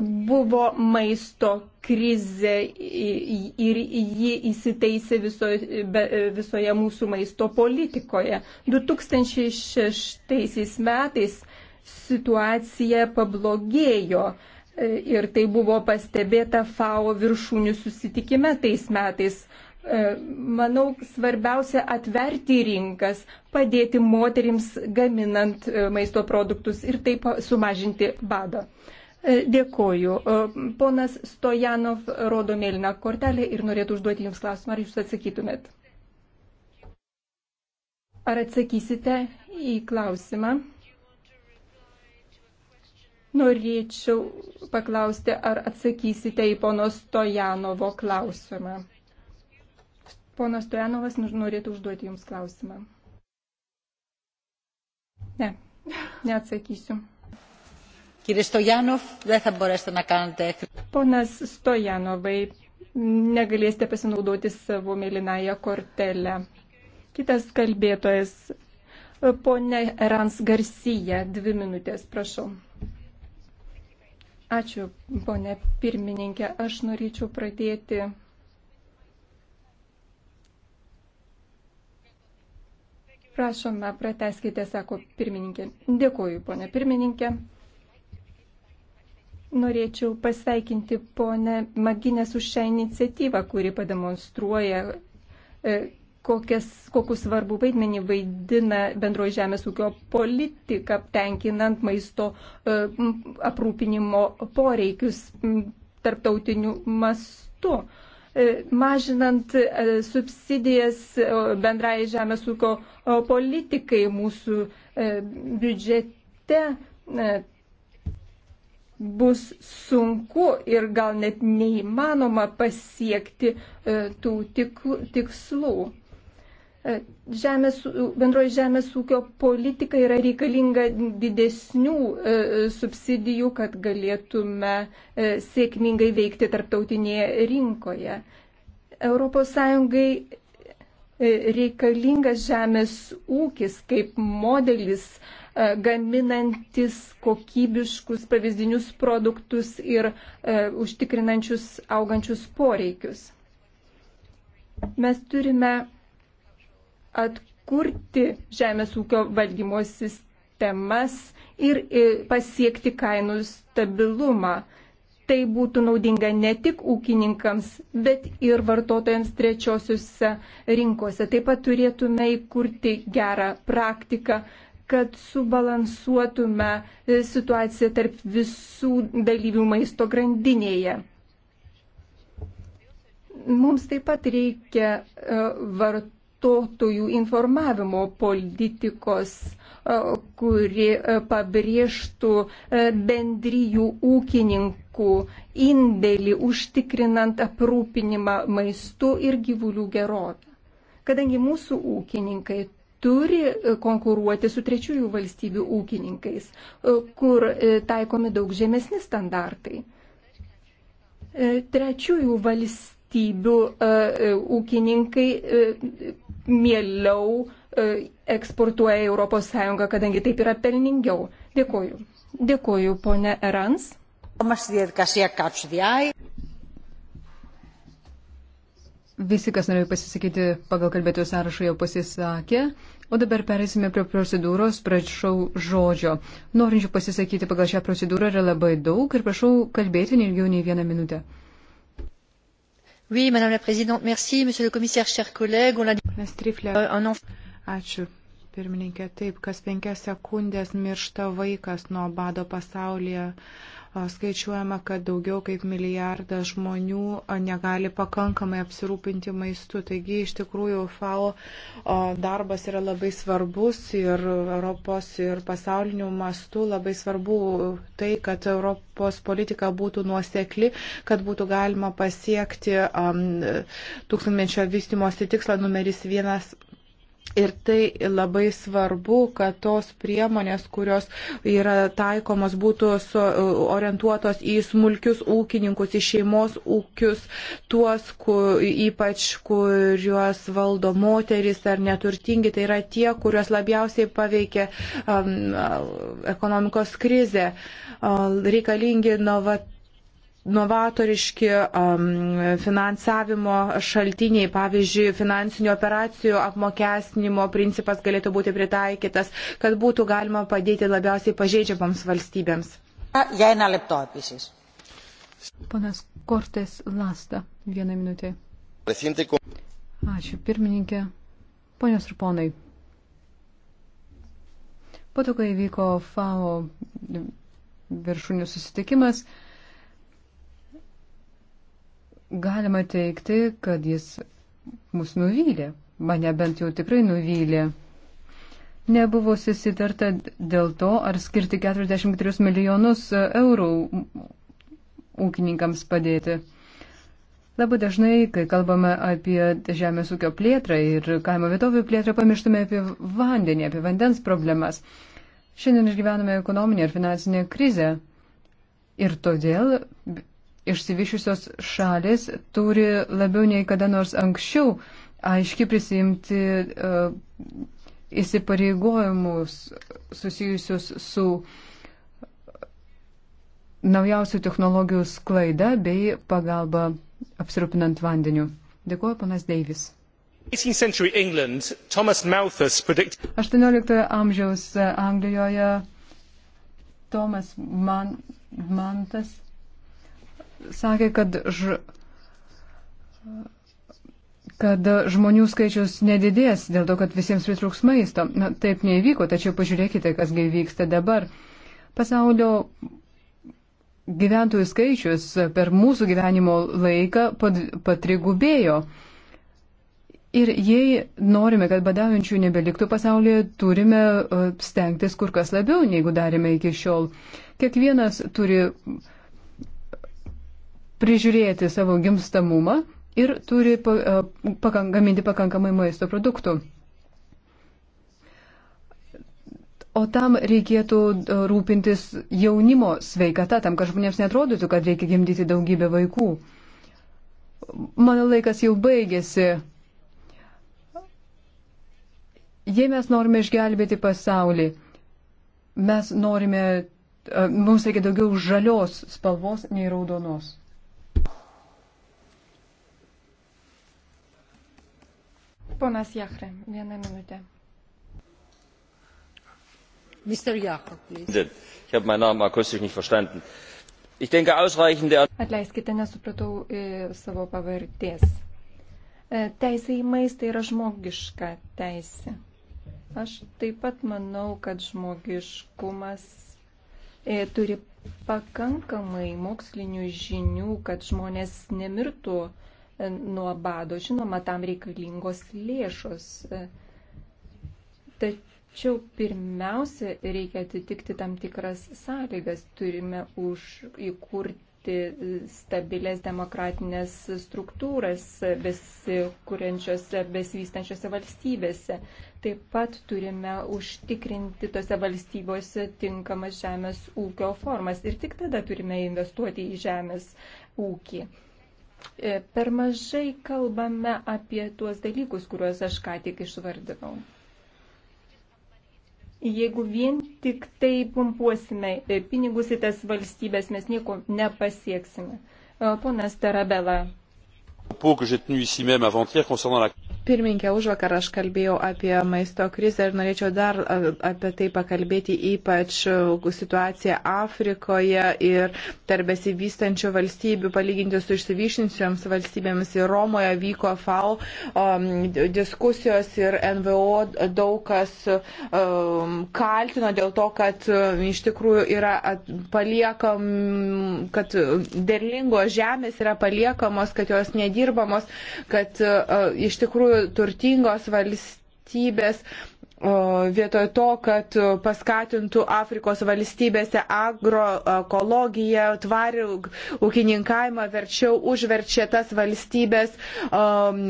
buvo maisto krizė ir ji įsiteisė viso, visoje mūsų maisto politikoje. 2006 metais situacija pablogėjo e, ir tai buvo pastebėta FAO viršūnių susitikime tais metais. E, manau, svarbiausia atverti rinkas, padėti moterims gaminant e, maisto produktus ir taip sumažinti badą. E, dėkoju. E, ponas Stojanov rodo mėlyną kortelę ir norėtų užduoti Jums klausimą, ar Jūs atsakytumėt. Ar atsakysite į klausimą? Norėčiau paklausti, ar atsakysite į pono Stojanovo klausimą. Ponas Stojanovas nu- norėtų užduoti Jums klausimą. Ne, (laughs) neatsakysiu. Ponas Stojanovai, negalėsite pasinaudoti savo mėlynąją kortelę. Kitas kalbėtojas, ponė Erans Garcija, dvi minutės, prašau. Ačiū, ponė pirmininkė. Aš norėčiau pradėti Prašome, prateskite, sako pirmininkė. Dėkuoju, ponė pirmininkė. Norėčiau pasveikinti ponę Maginės už šią iniciatyvą, kuri pademonstruoja, e, kokias, kokius svarbų vaidmenį vaidina bendroji žemės ūkio politika, tenkinant maisto e, aprūpinimo poreikius tarptautiniu mastu. E, mažinant subsidijas bendrai žemės ūkio politikai mūsų biudžete bus sunku ir gal net neįmanoma pasiekti e, tų tikslų. E, žemės, bendroji žemės ūkio politika yra reikalinga didesnių e, subsidijų, kad galėtume sėkmingai veikti tarptautinėje rinkoje. ES reikalingas žemės ūkis kaip modelis uh, E, gaminantis kokybiškus pavyzdinius produktus ir e, užtikrinančius augančius poreikius. Mes turime atkurti žemės ūkio valdymo sistemas ir e, pasiekti kainų stabilumą tai būtų naudinga ne tik ūkininkams, bet ir vartotojams trečiosiuose rinkose. Taip pat turėtume įkurti gerą praktiką kad subalansuotume situaciją tarp visų dalyvių maisto grandinėje. Mums taip pat reikia e, vartotojų informavimo politikos, e, kuri e, pabrėžtų bendryjų ūkininkų indėlį užtikrinant aprūpinimą maistu ir gyvulių gerovę. Kadangi mūsų ūkininkai turi konkuruoti su trečiųjų valstybių ūkininkais, e, kur e, taikomi daug žemesni standartai. E, trečiųjų valstybių ūkininkai mieliau eksportuoja ES, kadangi taip yra pelningiau. Dėkoju. Dėkoju, ponė Erans. Visi, kas norėjo pasisakyti pagal kalbėtojų sąrašą, jau pasisakė. O dabar perėsime prie procedūros, prašau žodžio. Norinčių pasisakyti pagal šią procedūrą yra labai daug ir prašau kalbėti neilgiau nei vieną minutę. Oui, madame la présidente, merci, monsieur le commissaire, chers collègues. On a dit... Euh, Ačiū, pirmininkė, taip, kas penkias sekundės miršta vaikas nuo bado pasaulyje. Skaičiuojama, kad daugiau kaip milijardas žmonių negali pakankamai apsirūpinti maistu. Taigi iš tikrųjų FAO darbas yra labai svarbus ir Europos ir pasaulinių mastų labai svarbu tai, kad Europos politika būtų nuosekli, kad būtų galima pasiekti um, tūkstantmečio vystimosi tikslą numeris vienas Ir tai labai svarbu, kad tos priemonės, kurios yra taikomos, būtų orientuotos į smulkius ūkininkus, į šeimos ūkius, tuos, kur, ypač kuriuos valdo moteris ar neturtingi, tai yra tie, kuriuos labiausiai paveikia um, ekonomikos krizė. Um, reikalingi novat novatoriški um, finansavimo šaltiniai, pavyzdžiui, finansinių operacijų apmokestinimo principas galėtų būti pritaikytas, kad būtų galima padėti labiausiai pažeidžiamoms valstybėms. Panas Kortės Lasta, vieną minutę. Ačiū, pirmininkė. Ponios ir ponai. Po to, kai vyko FAO viršūnių susitikimas, galima teikti, kad jis mus nuvylė. Mane bent jau tikrai nuvylė. Nebuvo susitarta dėl to, ar skirti 43 milijonus eurų ūkininkams padėti. Labai dažnai, kai kalbame apie žemės ūkio plėtrą ir kaimo vietovių plėtrą, pamirštume apie vandenį, apie vandens problemas. Šiandien išgyvename ekonominę ir finansinę krizę. Ir todėl išsivyšiusios šalis turi labiau nei kada nors anksčiau aiškiai prisimti uh, įsipareigojimus susijusius su naujausių technologijų sklaida bei pagalba apsirūpinant vandeniu. Dėkuoju, panas Deivis. 18 amžiaus Anglijoje Tomas Man Mantas sakė, kad, ž, kad žmonių skaičius nedidės dėl to, kad visiems pritrūks maisto. Na, taip neįvyko, tačiau pažiūrėkite, kas vyksta dabar. Pasaulio gyventojų skaičius per mūsų gyvenimo laiką patrigubėjo. Ir jei norime, kad badaujančių nebeliktų pasaulyje, turime e, stengtis kur kas labiau, negu darėme iki šiol. Kiekvienas turi uh, prižiūrėti savo gimstamumą ir turi pakank, gaminti pakankamai maisto produktų. O tam reikėtų rūpintis jaunimo sveikata, tam, kad žmonėms netrodytų, kad reikia gimdyti daugybę vaikų. Mano laikas jau baigėsi. Jei mes norime išgelbėti pasaulį, mes norime, mums reikia daugiau žalios spalvos nei raudonos. Ponas Jahre, vieną minutę. Mr. Jakob, please. Ich habe meinen Namen akustisch nicht verstanden. Ich denke, ausreichende. Atleiskite, nesupratau e, savo pavardės. E, teisė į maistą yra žmogiška teisė. Aš taip pat manau, kad žmogiškumas e, turi pakankamai mokslinių žinių, kad žmonės nemirtų e, nuo bado. Žinoma, tam reikalingos lėšos. Tačiau pirmiausia, reikia atitikti tam tikras sąlygas. Turime už įkurti stabilės demokratinės struktūras besikūrenčiose, besivystančiose valstybėse. Taip pat turime užtikrinti tose valstybėse tinkamas žemės ūkio formas ir tik tada turime investuoti į žemės ūkį. E, per mažai kalbame apie tuos dalykus, kuriuos aš ką tik išvardinau. Jeigu vien tik tai pumpuosime e, pinigus į tas valstybės, mes nieko nepasieksime. E, ponas Tarabela. Pour que j'ai tenu ici même avant-hier concernant la Pirminkė, už vakar aš kalbėjau apie maisto krizę ir norėčiau dar apie tai pakalbėti, ypač situaciją Afrikoje ir tarp besivystančių valstybių, palyginti su išsivyšinčioms valstybėmis. Ir Romoje vyko FAO um, diskusijos ir NVO daug kas um, kaltino dėl to, kad um, iš tikrųjų yra at, paliekam, kad derlingos žemės yra paliekamos, kad jos nedirbamos, kad uh, iš tikrųjų turtingos valstybės vietoj to, kad paskatintų Afrikos valstybėse agroekologiją, tvarių ūkininkavimą, verčiau užverčia tas valstybės um,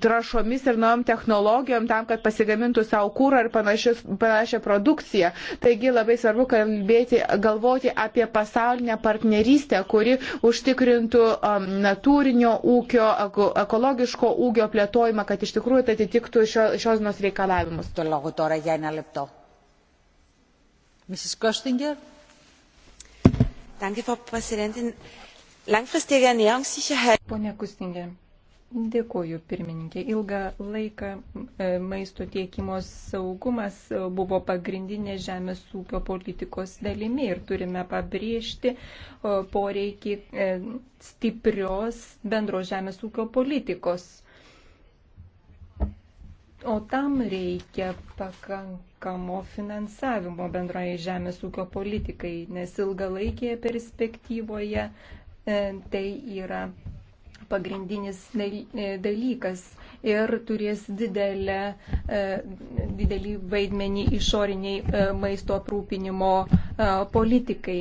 trašomis ir naujom technologijom tam, kad pasigamintų savo kūrą ir panašius, panašią produkciją. Taigi labai svarbu kalbėti, galvoti apie pasaulinę partnerystę, kuri užtikrintų um, natūrinio ūkio, ekologiško ūkio plėtojimą, kad iš tikrųjų tai atitiktų šio, šios nos reikalavimus. Toliau τώρα για ένα λεπτό. Mrs. Köstinger. Danke, Frau Präsidentin. Langfristige Ernährungssicherheit. Pone Kustingė, Dėkuoju, pirmininkė. Ilgą laiką e, maisto tiekimo saugumas buvo pagrindinė žemės ūkio politikos dalimi ir turime pabrėžti e, poreikį e, stiprios bendro žemės ūkio politikos O tam reikia pakankamo finansavimo bendroje žemės ūkio politikai, nes ilgalaikėje perspektyvoje e, tai yra pagrindinis e, dalykas ir turės didelę, e, didelį vaidmenį išoriniai maisto aprūpinimo politikai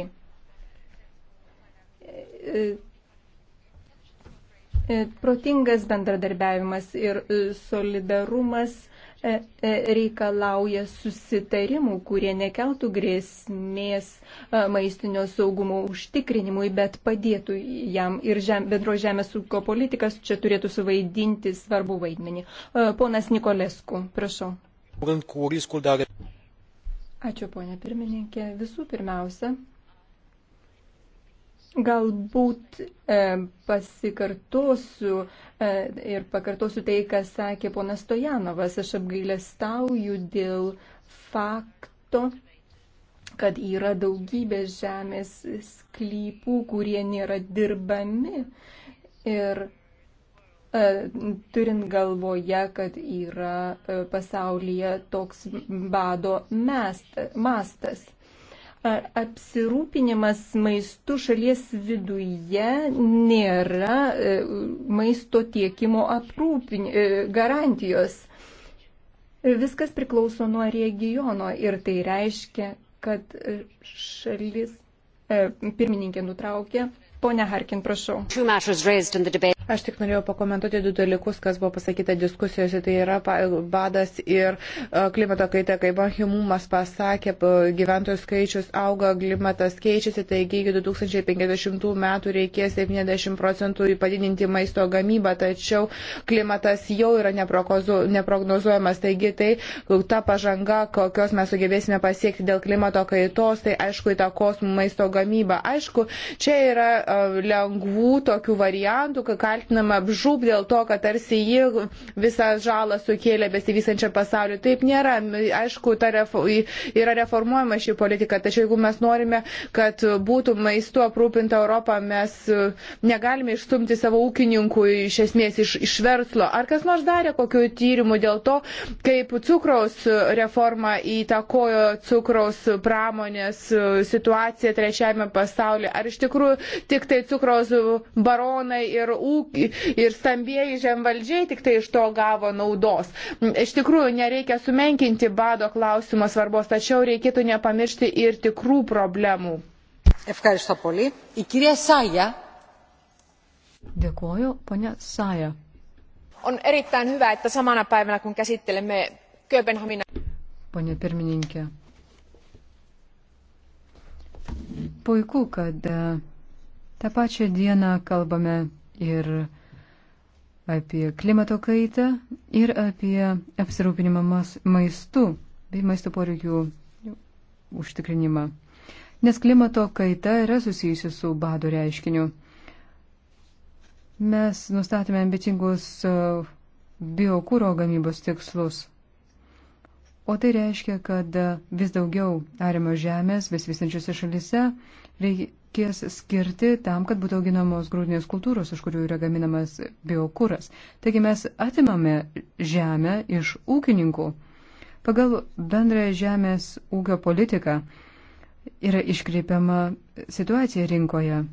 E, protingas bendradarbiavimas ir e, solidarumas e, reikalauja susitarimų, kurie nekeltų grėsmės maistinio saugumo užtikrinimui, bet padėtų jam ir žem, bendro žemės ūkio politikas čia turėtų suvaidinti svarbu vaidmenį. Ponas Nikolesku, prašau. Ačiū, ponė pirmininkė. Visų pirmiausia, Galbūt e, pasikartosiu e, ir pakartosiu tai, ką sakė ponas Stojanovas. Aš apgailestauju dėl fakto, kad yra daugybė žemės sklypų, kurie nėra dirbami. Ir e, turint galvoje, kad yra e, pasaulyje toks bado mest, mastas apsirūpinimas maistu šalies viduje nėra e, maisto tiekimo aprūpin... E, garantijos. Viskas priklauso nuo regiono ir tai reiškia, kad šalis e, pirmininkė nutraukė. Pone Harkin, prašau. Aš tik norėjau pakomentuoti du dalykus, kas buvo pasakyta diskusijose, tai yra badas ir e, klimato kaita, kaip Bahimumas pasakė, gyventojų skaičius auga, klimatas keičiasi, taigi iki 2050 metų reikės 70 procentų padidinti maisto gamybą, tačiau klimatas jau yra neprognozuojamas, taigi tai ta pažanga, kokios mes sugebėsime pasiekti dėl klimato kaitos, tai aišku įtakos maisto gamybą. Aišku, čia yra e, lengvų tokių variantų, kai kaltinama apžūb dėl to, kad tarsi ji visą žalą sukėlė besivysančią pasaulį. Taip nėra. Aišku, refo, yra reformuojama ši politika, tačiau jeigu mes norime, kad būtų maistu aprūpinta Europą, mes e, negalime išstumti savo ūkininkų iš esmės iš, iš verslo. Ar kas nors darė kokiu tyrimu dėl to, kaip cukraus reforma įtakojo cukraus pramonės e, situaciją trečiajame pasaulyje? Ar iš tikrųjų tik tai cukraus baronai ir ūkininkai? ūkiai ir stambieji žemvaldžiai tik tai iš to gavo naudos. Iš tikrųjų, nereikia sumenkinti bado klausimo svarbos, tačiau reikėtų nepamiršti ir tikrų problemų. Ευχαριστώ πολύ. Η κυρία Σάγια. Δεκόιο, πονιά Σάγια. On erittäin hyvä, että samana päivänä kun käsittelemme Kööpenhaminan... Pone pirmininkė. Puiku, kad e, tą pačią dieną kalbame ir apie klimato kaitą, ir apie apsirūpinimą maistu bei maisto poreikių užtikrinimą. Nes klimato kaita yra susijusi su bado reiškiniu. Mes nustatėme ambicingus biokūro gamybos tikslus. O tai reiškia, kad vis daugiau arimo žemės vis visančiose šalise reikia reikės skirti tam, kad būtų auginamos grūdinės kultūros, iš kurių yra gaminamas biokūras. Taigi mes atimame žemę iš ūkininkų. Pagal bendrąją žemės ūkio politiką yra iškreipiama situacija rinkoje.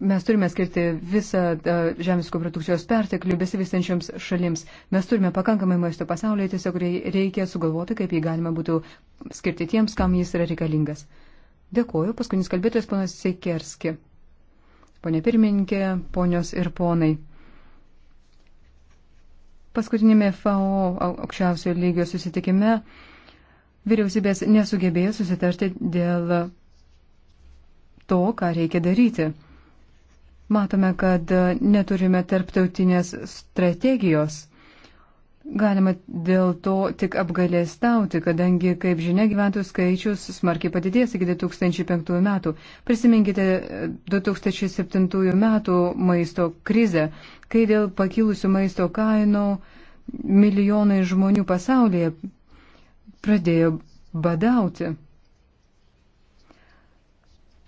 Mes turime skirti visą e, žemės ūkio produkcijos perteklių besivystančioms šalims. Mes turime pakankamai maisto pasaulyje, tiesiog reikia sugalvoti, kaip jį galima būtų skirti tiems, kam jis yra reikalingas. Dėkuoju, paskutinis kalbėtojas ponas Sekerski. Pone pirmininkė, ponios ir ponai. Paskutinėme FAO aukščiausio lygio susitikime vyriausybės nesugebėjo susitarti dėl to, ką reikia daryti matome, kad neturime tarptautinės strategijos. Galima dėl to tik apgalėstauti, kadangi, kaip žinia, gyventojų skaičius smarkiai padidės iki 2005 metų. Prisiminkite 2007 metų maisto krizę, kai dėl pakilusių maisto kainų milijonai žmonių pasaulyje pradėjo badauti.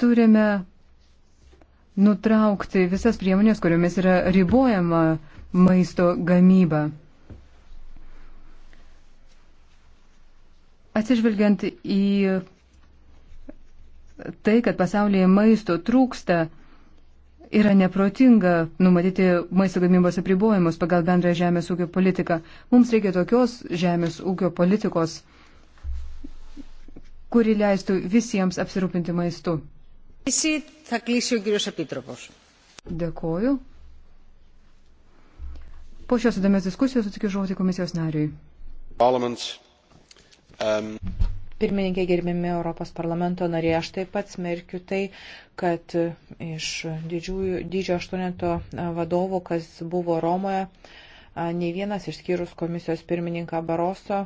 Turime nutraukti visas priemonės, kuriomis yra ribojama maisto gamyba. Atsižvelgiant į tai, kad pasaulyje maisto trūksta, yra neprotinga numatyti maisto gamybos apribojimus pagal bendrą žemės ūkio politiką. Mums reikia tokios žemės ūkio politikos, kuri leistų visiems apsirūpinti maistu. Dėkoju. Po šios įdomios diskusijos sutikiu žodį komisijos nariui. Um... Pirmininkė gerbėmi Europos parlamento nariai, aš taip pat smerkiu tai, kad iš didžiųjų, didžio aštuoneto vadovų, kas buvo Romoje, nei vienas išskyrus komisijos pirmininką Baroso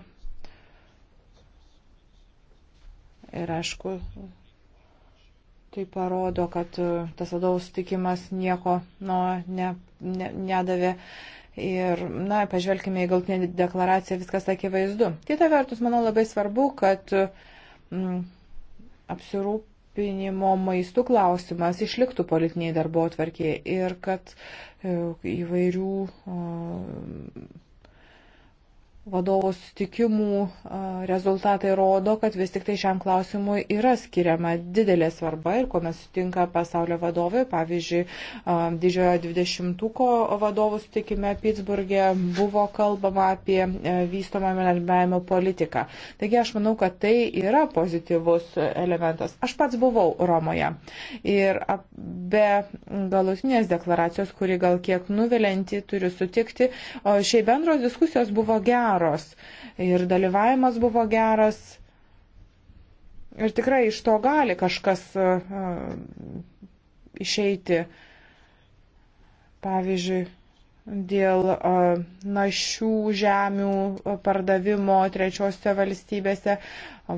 ir aišku Tai parodo, kad e, tas vadovų sutikimas nieko nu, ne, ne, nedavė. Ir, na, pažvelkime į galtinę deklaraciją, viskas akivaizdu. Kita vertus, manau, labai svarbu, kad m, mm, apsirūpinimo maistų klausimas išliktų politiniai darbo atvarkėje ir kad e, įvairių. O, vadovų sutikimų rezultatai rodo, kad vis tik tai šiam klausimui yra skiriama didelė svarba ir kuomet sutinka pasaulio vadovai, pavyzdžiui, didžiojo dvidešimtuko vadovų sutikime Pittsburgė buvo kalbama apie e, vystomą bendradarbiavimo politiką. Taigi aš manau, kad tai yra pozityvus elementas. Aš pats buvau Romoje ir be galutinės deklaracijos, kuri gal kiek nuvilinti, turiu sutikti, šiai bendros diskusijos buvo geros geros ir dalyvavimas buvo geras. Ir tikrai iš to gali kažkas uh, išeiti. Pavyzdžiui, dėl našių žemių pardavimo trečiose valstybėse,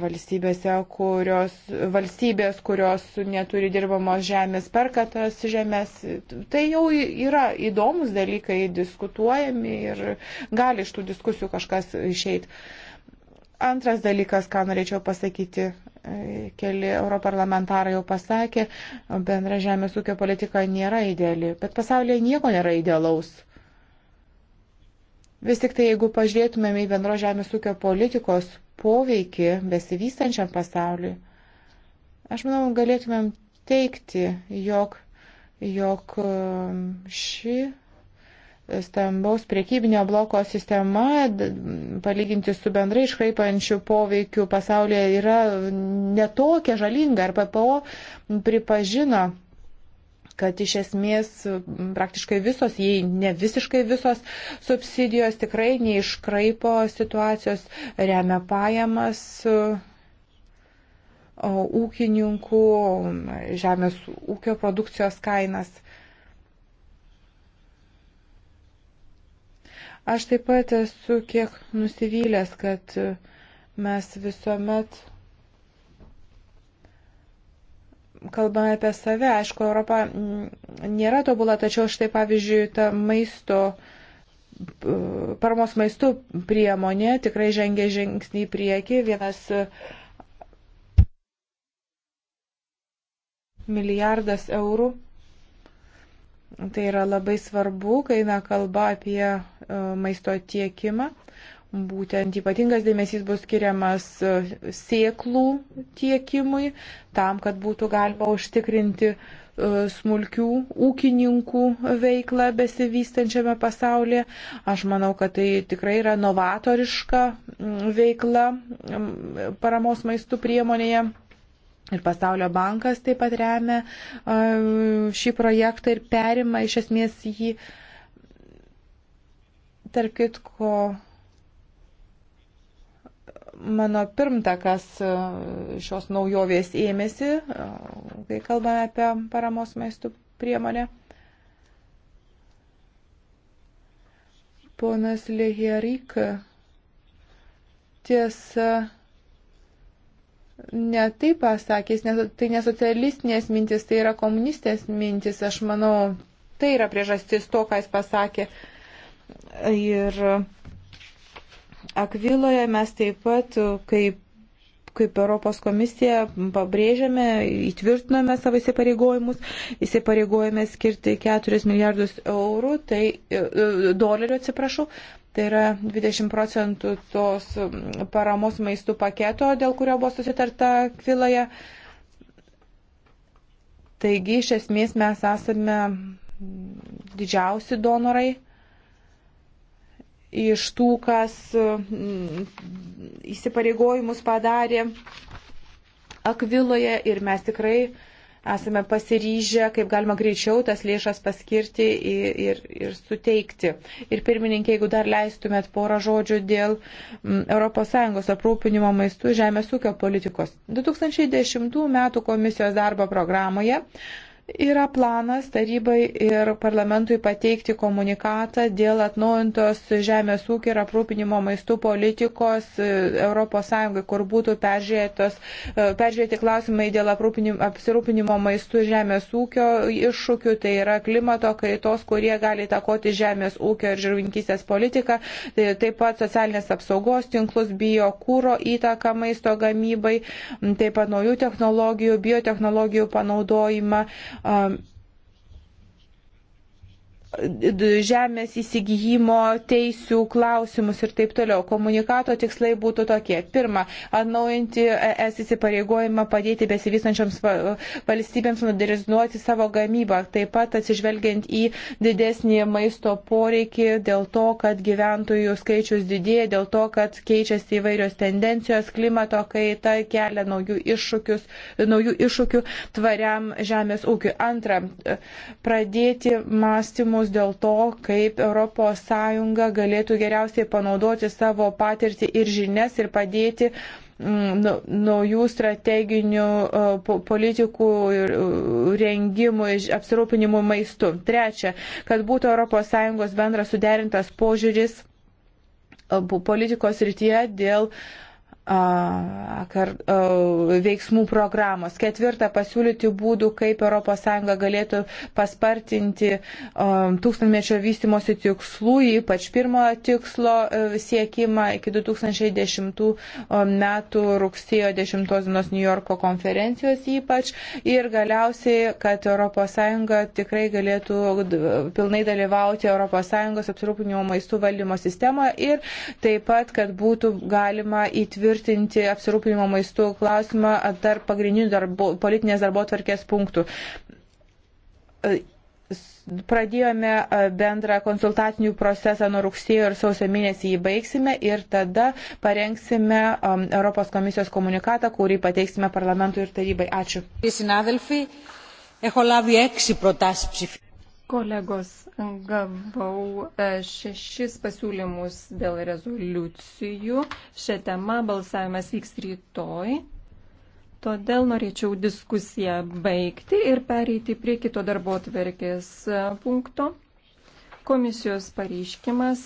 valstybėse, kurios, valstybės, kurios neturi dirbamos žemės, perka tas žemės. Tai jau yra įdomus dalykai, diskutuojami ir gali iš tų diskusijų kažkas išeiti. Antras dalykas, ką norėčiau pasakyti, e, keli europarlamentarai jau pasakė, bendra žemės ūkio politika nėra ideali, bet pasaulyje nieko nėra idealaus. Vis tik tai, jeigu pažiūrėtumėm į bendro žemės ūkio politikos poveikį besivystančiam pasauliui, aš manau, galėtumėm teikti, jog, jog um, ši stambaus priekybinio bloko sistema, palyginti su bendrai iškraipančiu poveikiu pasaulyje, yra netokia žalinga. Ar PPO pripažino kad iš esmės praktiškai visos, jei ne visiškai visos subsidijos tikrai neiškraipo situacijos, remia pajamas e, ūkininkų, žemės ūkio produkcijos kainas. Aš taip pat esu kiek nusivylęs, kad mes visuomet kalbame apie save, aišku, Europa mm, nėra tobula, tačiau štai pavyzdžiui, ta maisto, paramos maisto priemonė tikrai žengia žingsnį į priekį. Vienas e, milijardas eurų. Tai yra labai svarbu, kai eina kalba apie e, maisto tiekimą. Būtent ypatingas dėmesys bus skiriamas e, sėklų tiekimui, tam, kad būtų galima užtikrinti e, smulkių ūkininkų veiklą besivystančiame pasaulyje. Aš manau, kad tai tikrai yra novatoriška veikla paramos maistų priemonėje. Ir pasaulio bankas taip pat remia e, šį projektą ir perima iš esmės jį. Tark kitko, mano pirmtakas e, šios naujovės ėmėsi, e, kai kalbame apie paramos maistų priemonę. Ponas Leherik tiesa ne taip pasakė, tai nesocialistinės tai mintis, tai yra komunistės mintis, aš manau, tai yra priežastis to, ką jis pasakė. Ir Akviloje mes taip pat e, kaip kaip Europos komisija pabrėžiame, įtvirtiname savo įsipareigojimus, įsipareigojame skirti 4 milijardus eurų, tai e, e, dolerių atsiprašau, tai yra 20 procentų tos paramos maistų paketo, dėl kurio buvo susitarta Kviloje. Taigi, iš esmės mes esame didžiausi donorai iš tų, kas mm, įsipareigojimus padarė Akviloje ir mes tikrai esame pasiryžę, kaip galima greičiau tas lėšas paskirti ir, ir, ir suteikti. Ir pirmininkė, jeigu dar leistumėt porą žodžių dėl mm, ES aprūpinimo maistų žemės ūkio politikos. 2010 m. komisijos darbo programoje Yra planas tarybai ir parlamentui pateikti komunikatą dėl atnaujintos žemės ūkio ir aprūpinimo maistų politikos ES, kur būtų e, peržiūrėti klausimai dėl apsirūpinimo maistų žemės ūkio iššūkių, tai yra klimato kaitos, kurie gali takoti žemės ūkio ir žirvinkysės politiką, tai taip pat socialinės apsaugos tinklus, biokūro įtaką maisto gamybai, taip pat naujų technologijų, biotechnologijų panaudojimą um, žemės įsigijimo teisių klausimus ir taip toliau. Komunikato tikslai būtų tokie. Pirma, atnaujinti es įsipareigojimą padėti besivystančioms valstybėms modernizuoti savo gamybą, taip pat atsižvelgiant į didesnį maisto poreikį dėl to, kad gyventojų skaičius didėja, dėl to, kad keičiasi įvairios tendencijos, klimato kaita kelia naujų, iššūkius, naujų iššūkių tvariam žemės ūkiu. Antra, pradėti mąstymų klausimus dėl to, kaip ES galėtų geriausiai panaudoti savo patirtį ir žinias ir padėti mm, nu, naujų strateginių e, politikų e, rengimui, apsirūpinimui maistu. Trečia, kad būtų ES bendras suderintas požiūris e, politikos rytyje dėl uh, veiksmų programos. Ketvirta, pasiūlyti būdų, kaip ES galėtų paspartinti tūkstantmečio vystimosi tikslų, ypač pirmojo tikslo e, siekimą iki 2010 metų rugsėjo 10 dienos New Yorko konferencijos ypač. Ir galiausiai, kad ES tikrai galėtų pilnai dalyvauti ES apsirūpinimo maistų valdymo sistemoje ir taip pat, kad būtų galima įtvirtinti įtvirtinti apsirūpinimo maistų klausimą tarp pagrindinių darbo, politinės darbo tvarkės punktų. E, pradėjome e, bendrą konsultacinių procesą nuo rugsėjo ir sausio mėnesį jį baigsime ir tada parengsime um, Europos komisijos komunikatą, kurį pateiksime parlamentui ir tarybai. Ačiū. Kolegos, gavau e, šešis pasiūlymus dėl rezoliucijų. Šią temą balsavimas vyks rytoj. Todėl norėčiau diskusiją baigti ir pereiti prie kito darbo tvarkės e, punkto. Komisijos pareiškimas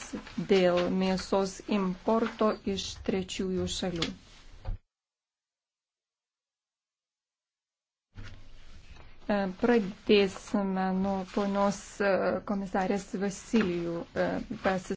dėl mėsos importo iš trečiųjų šalių. E, pradėsime nuo ponios e, komisarės Vasilijų e, pasisakymą.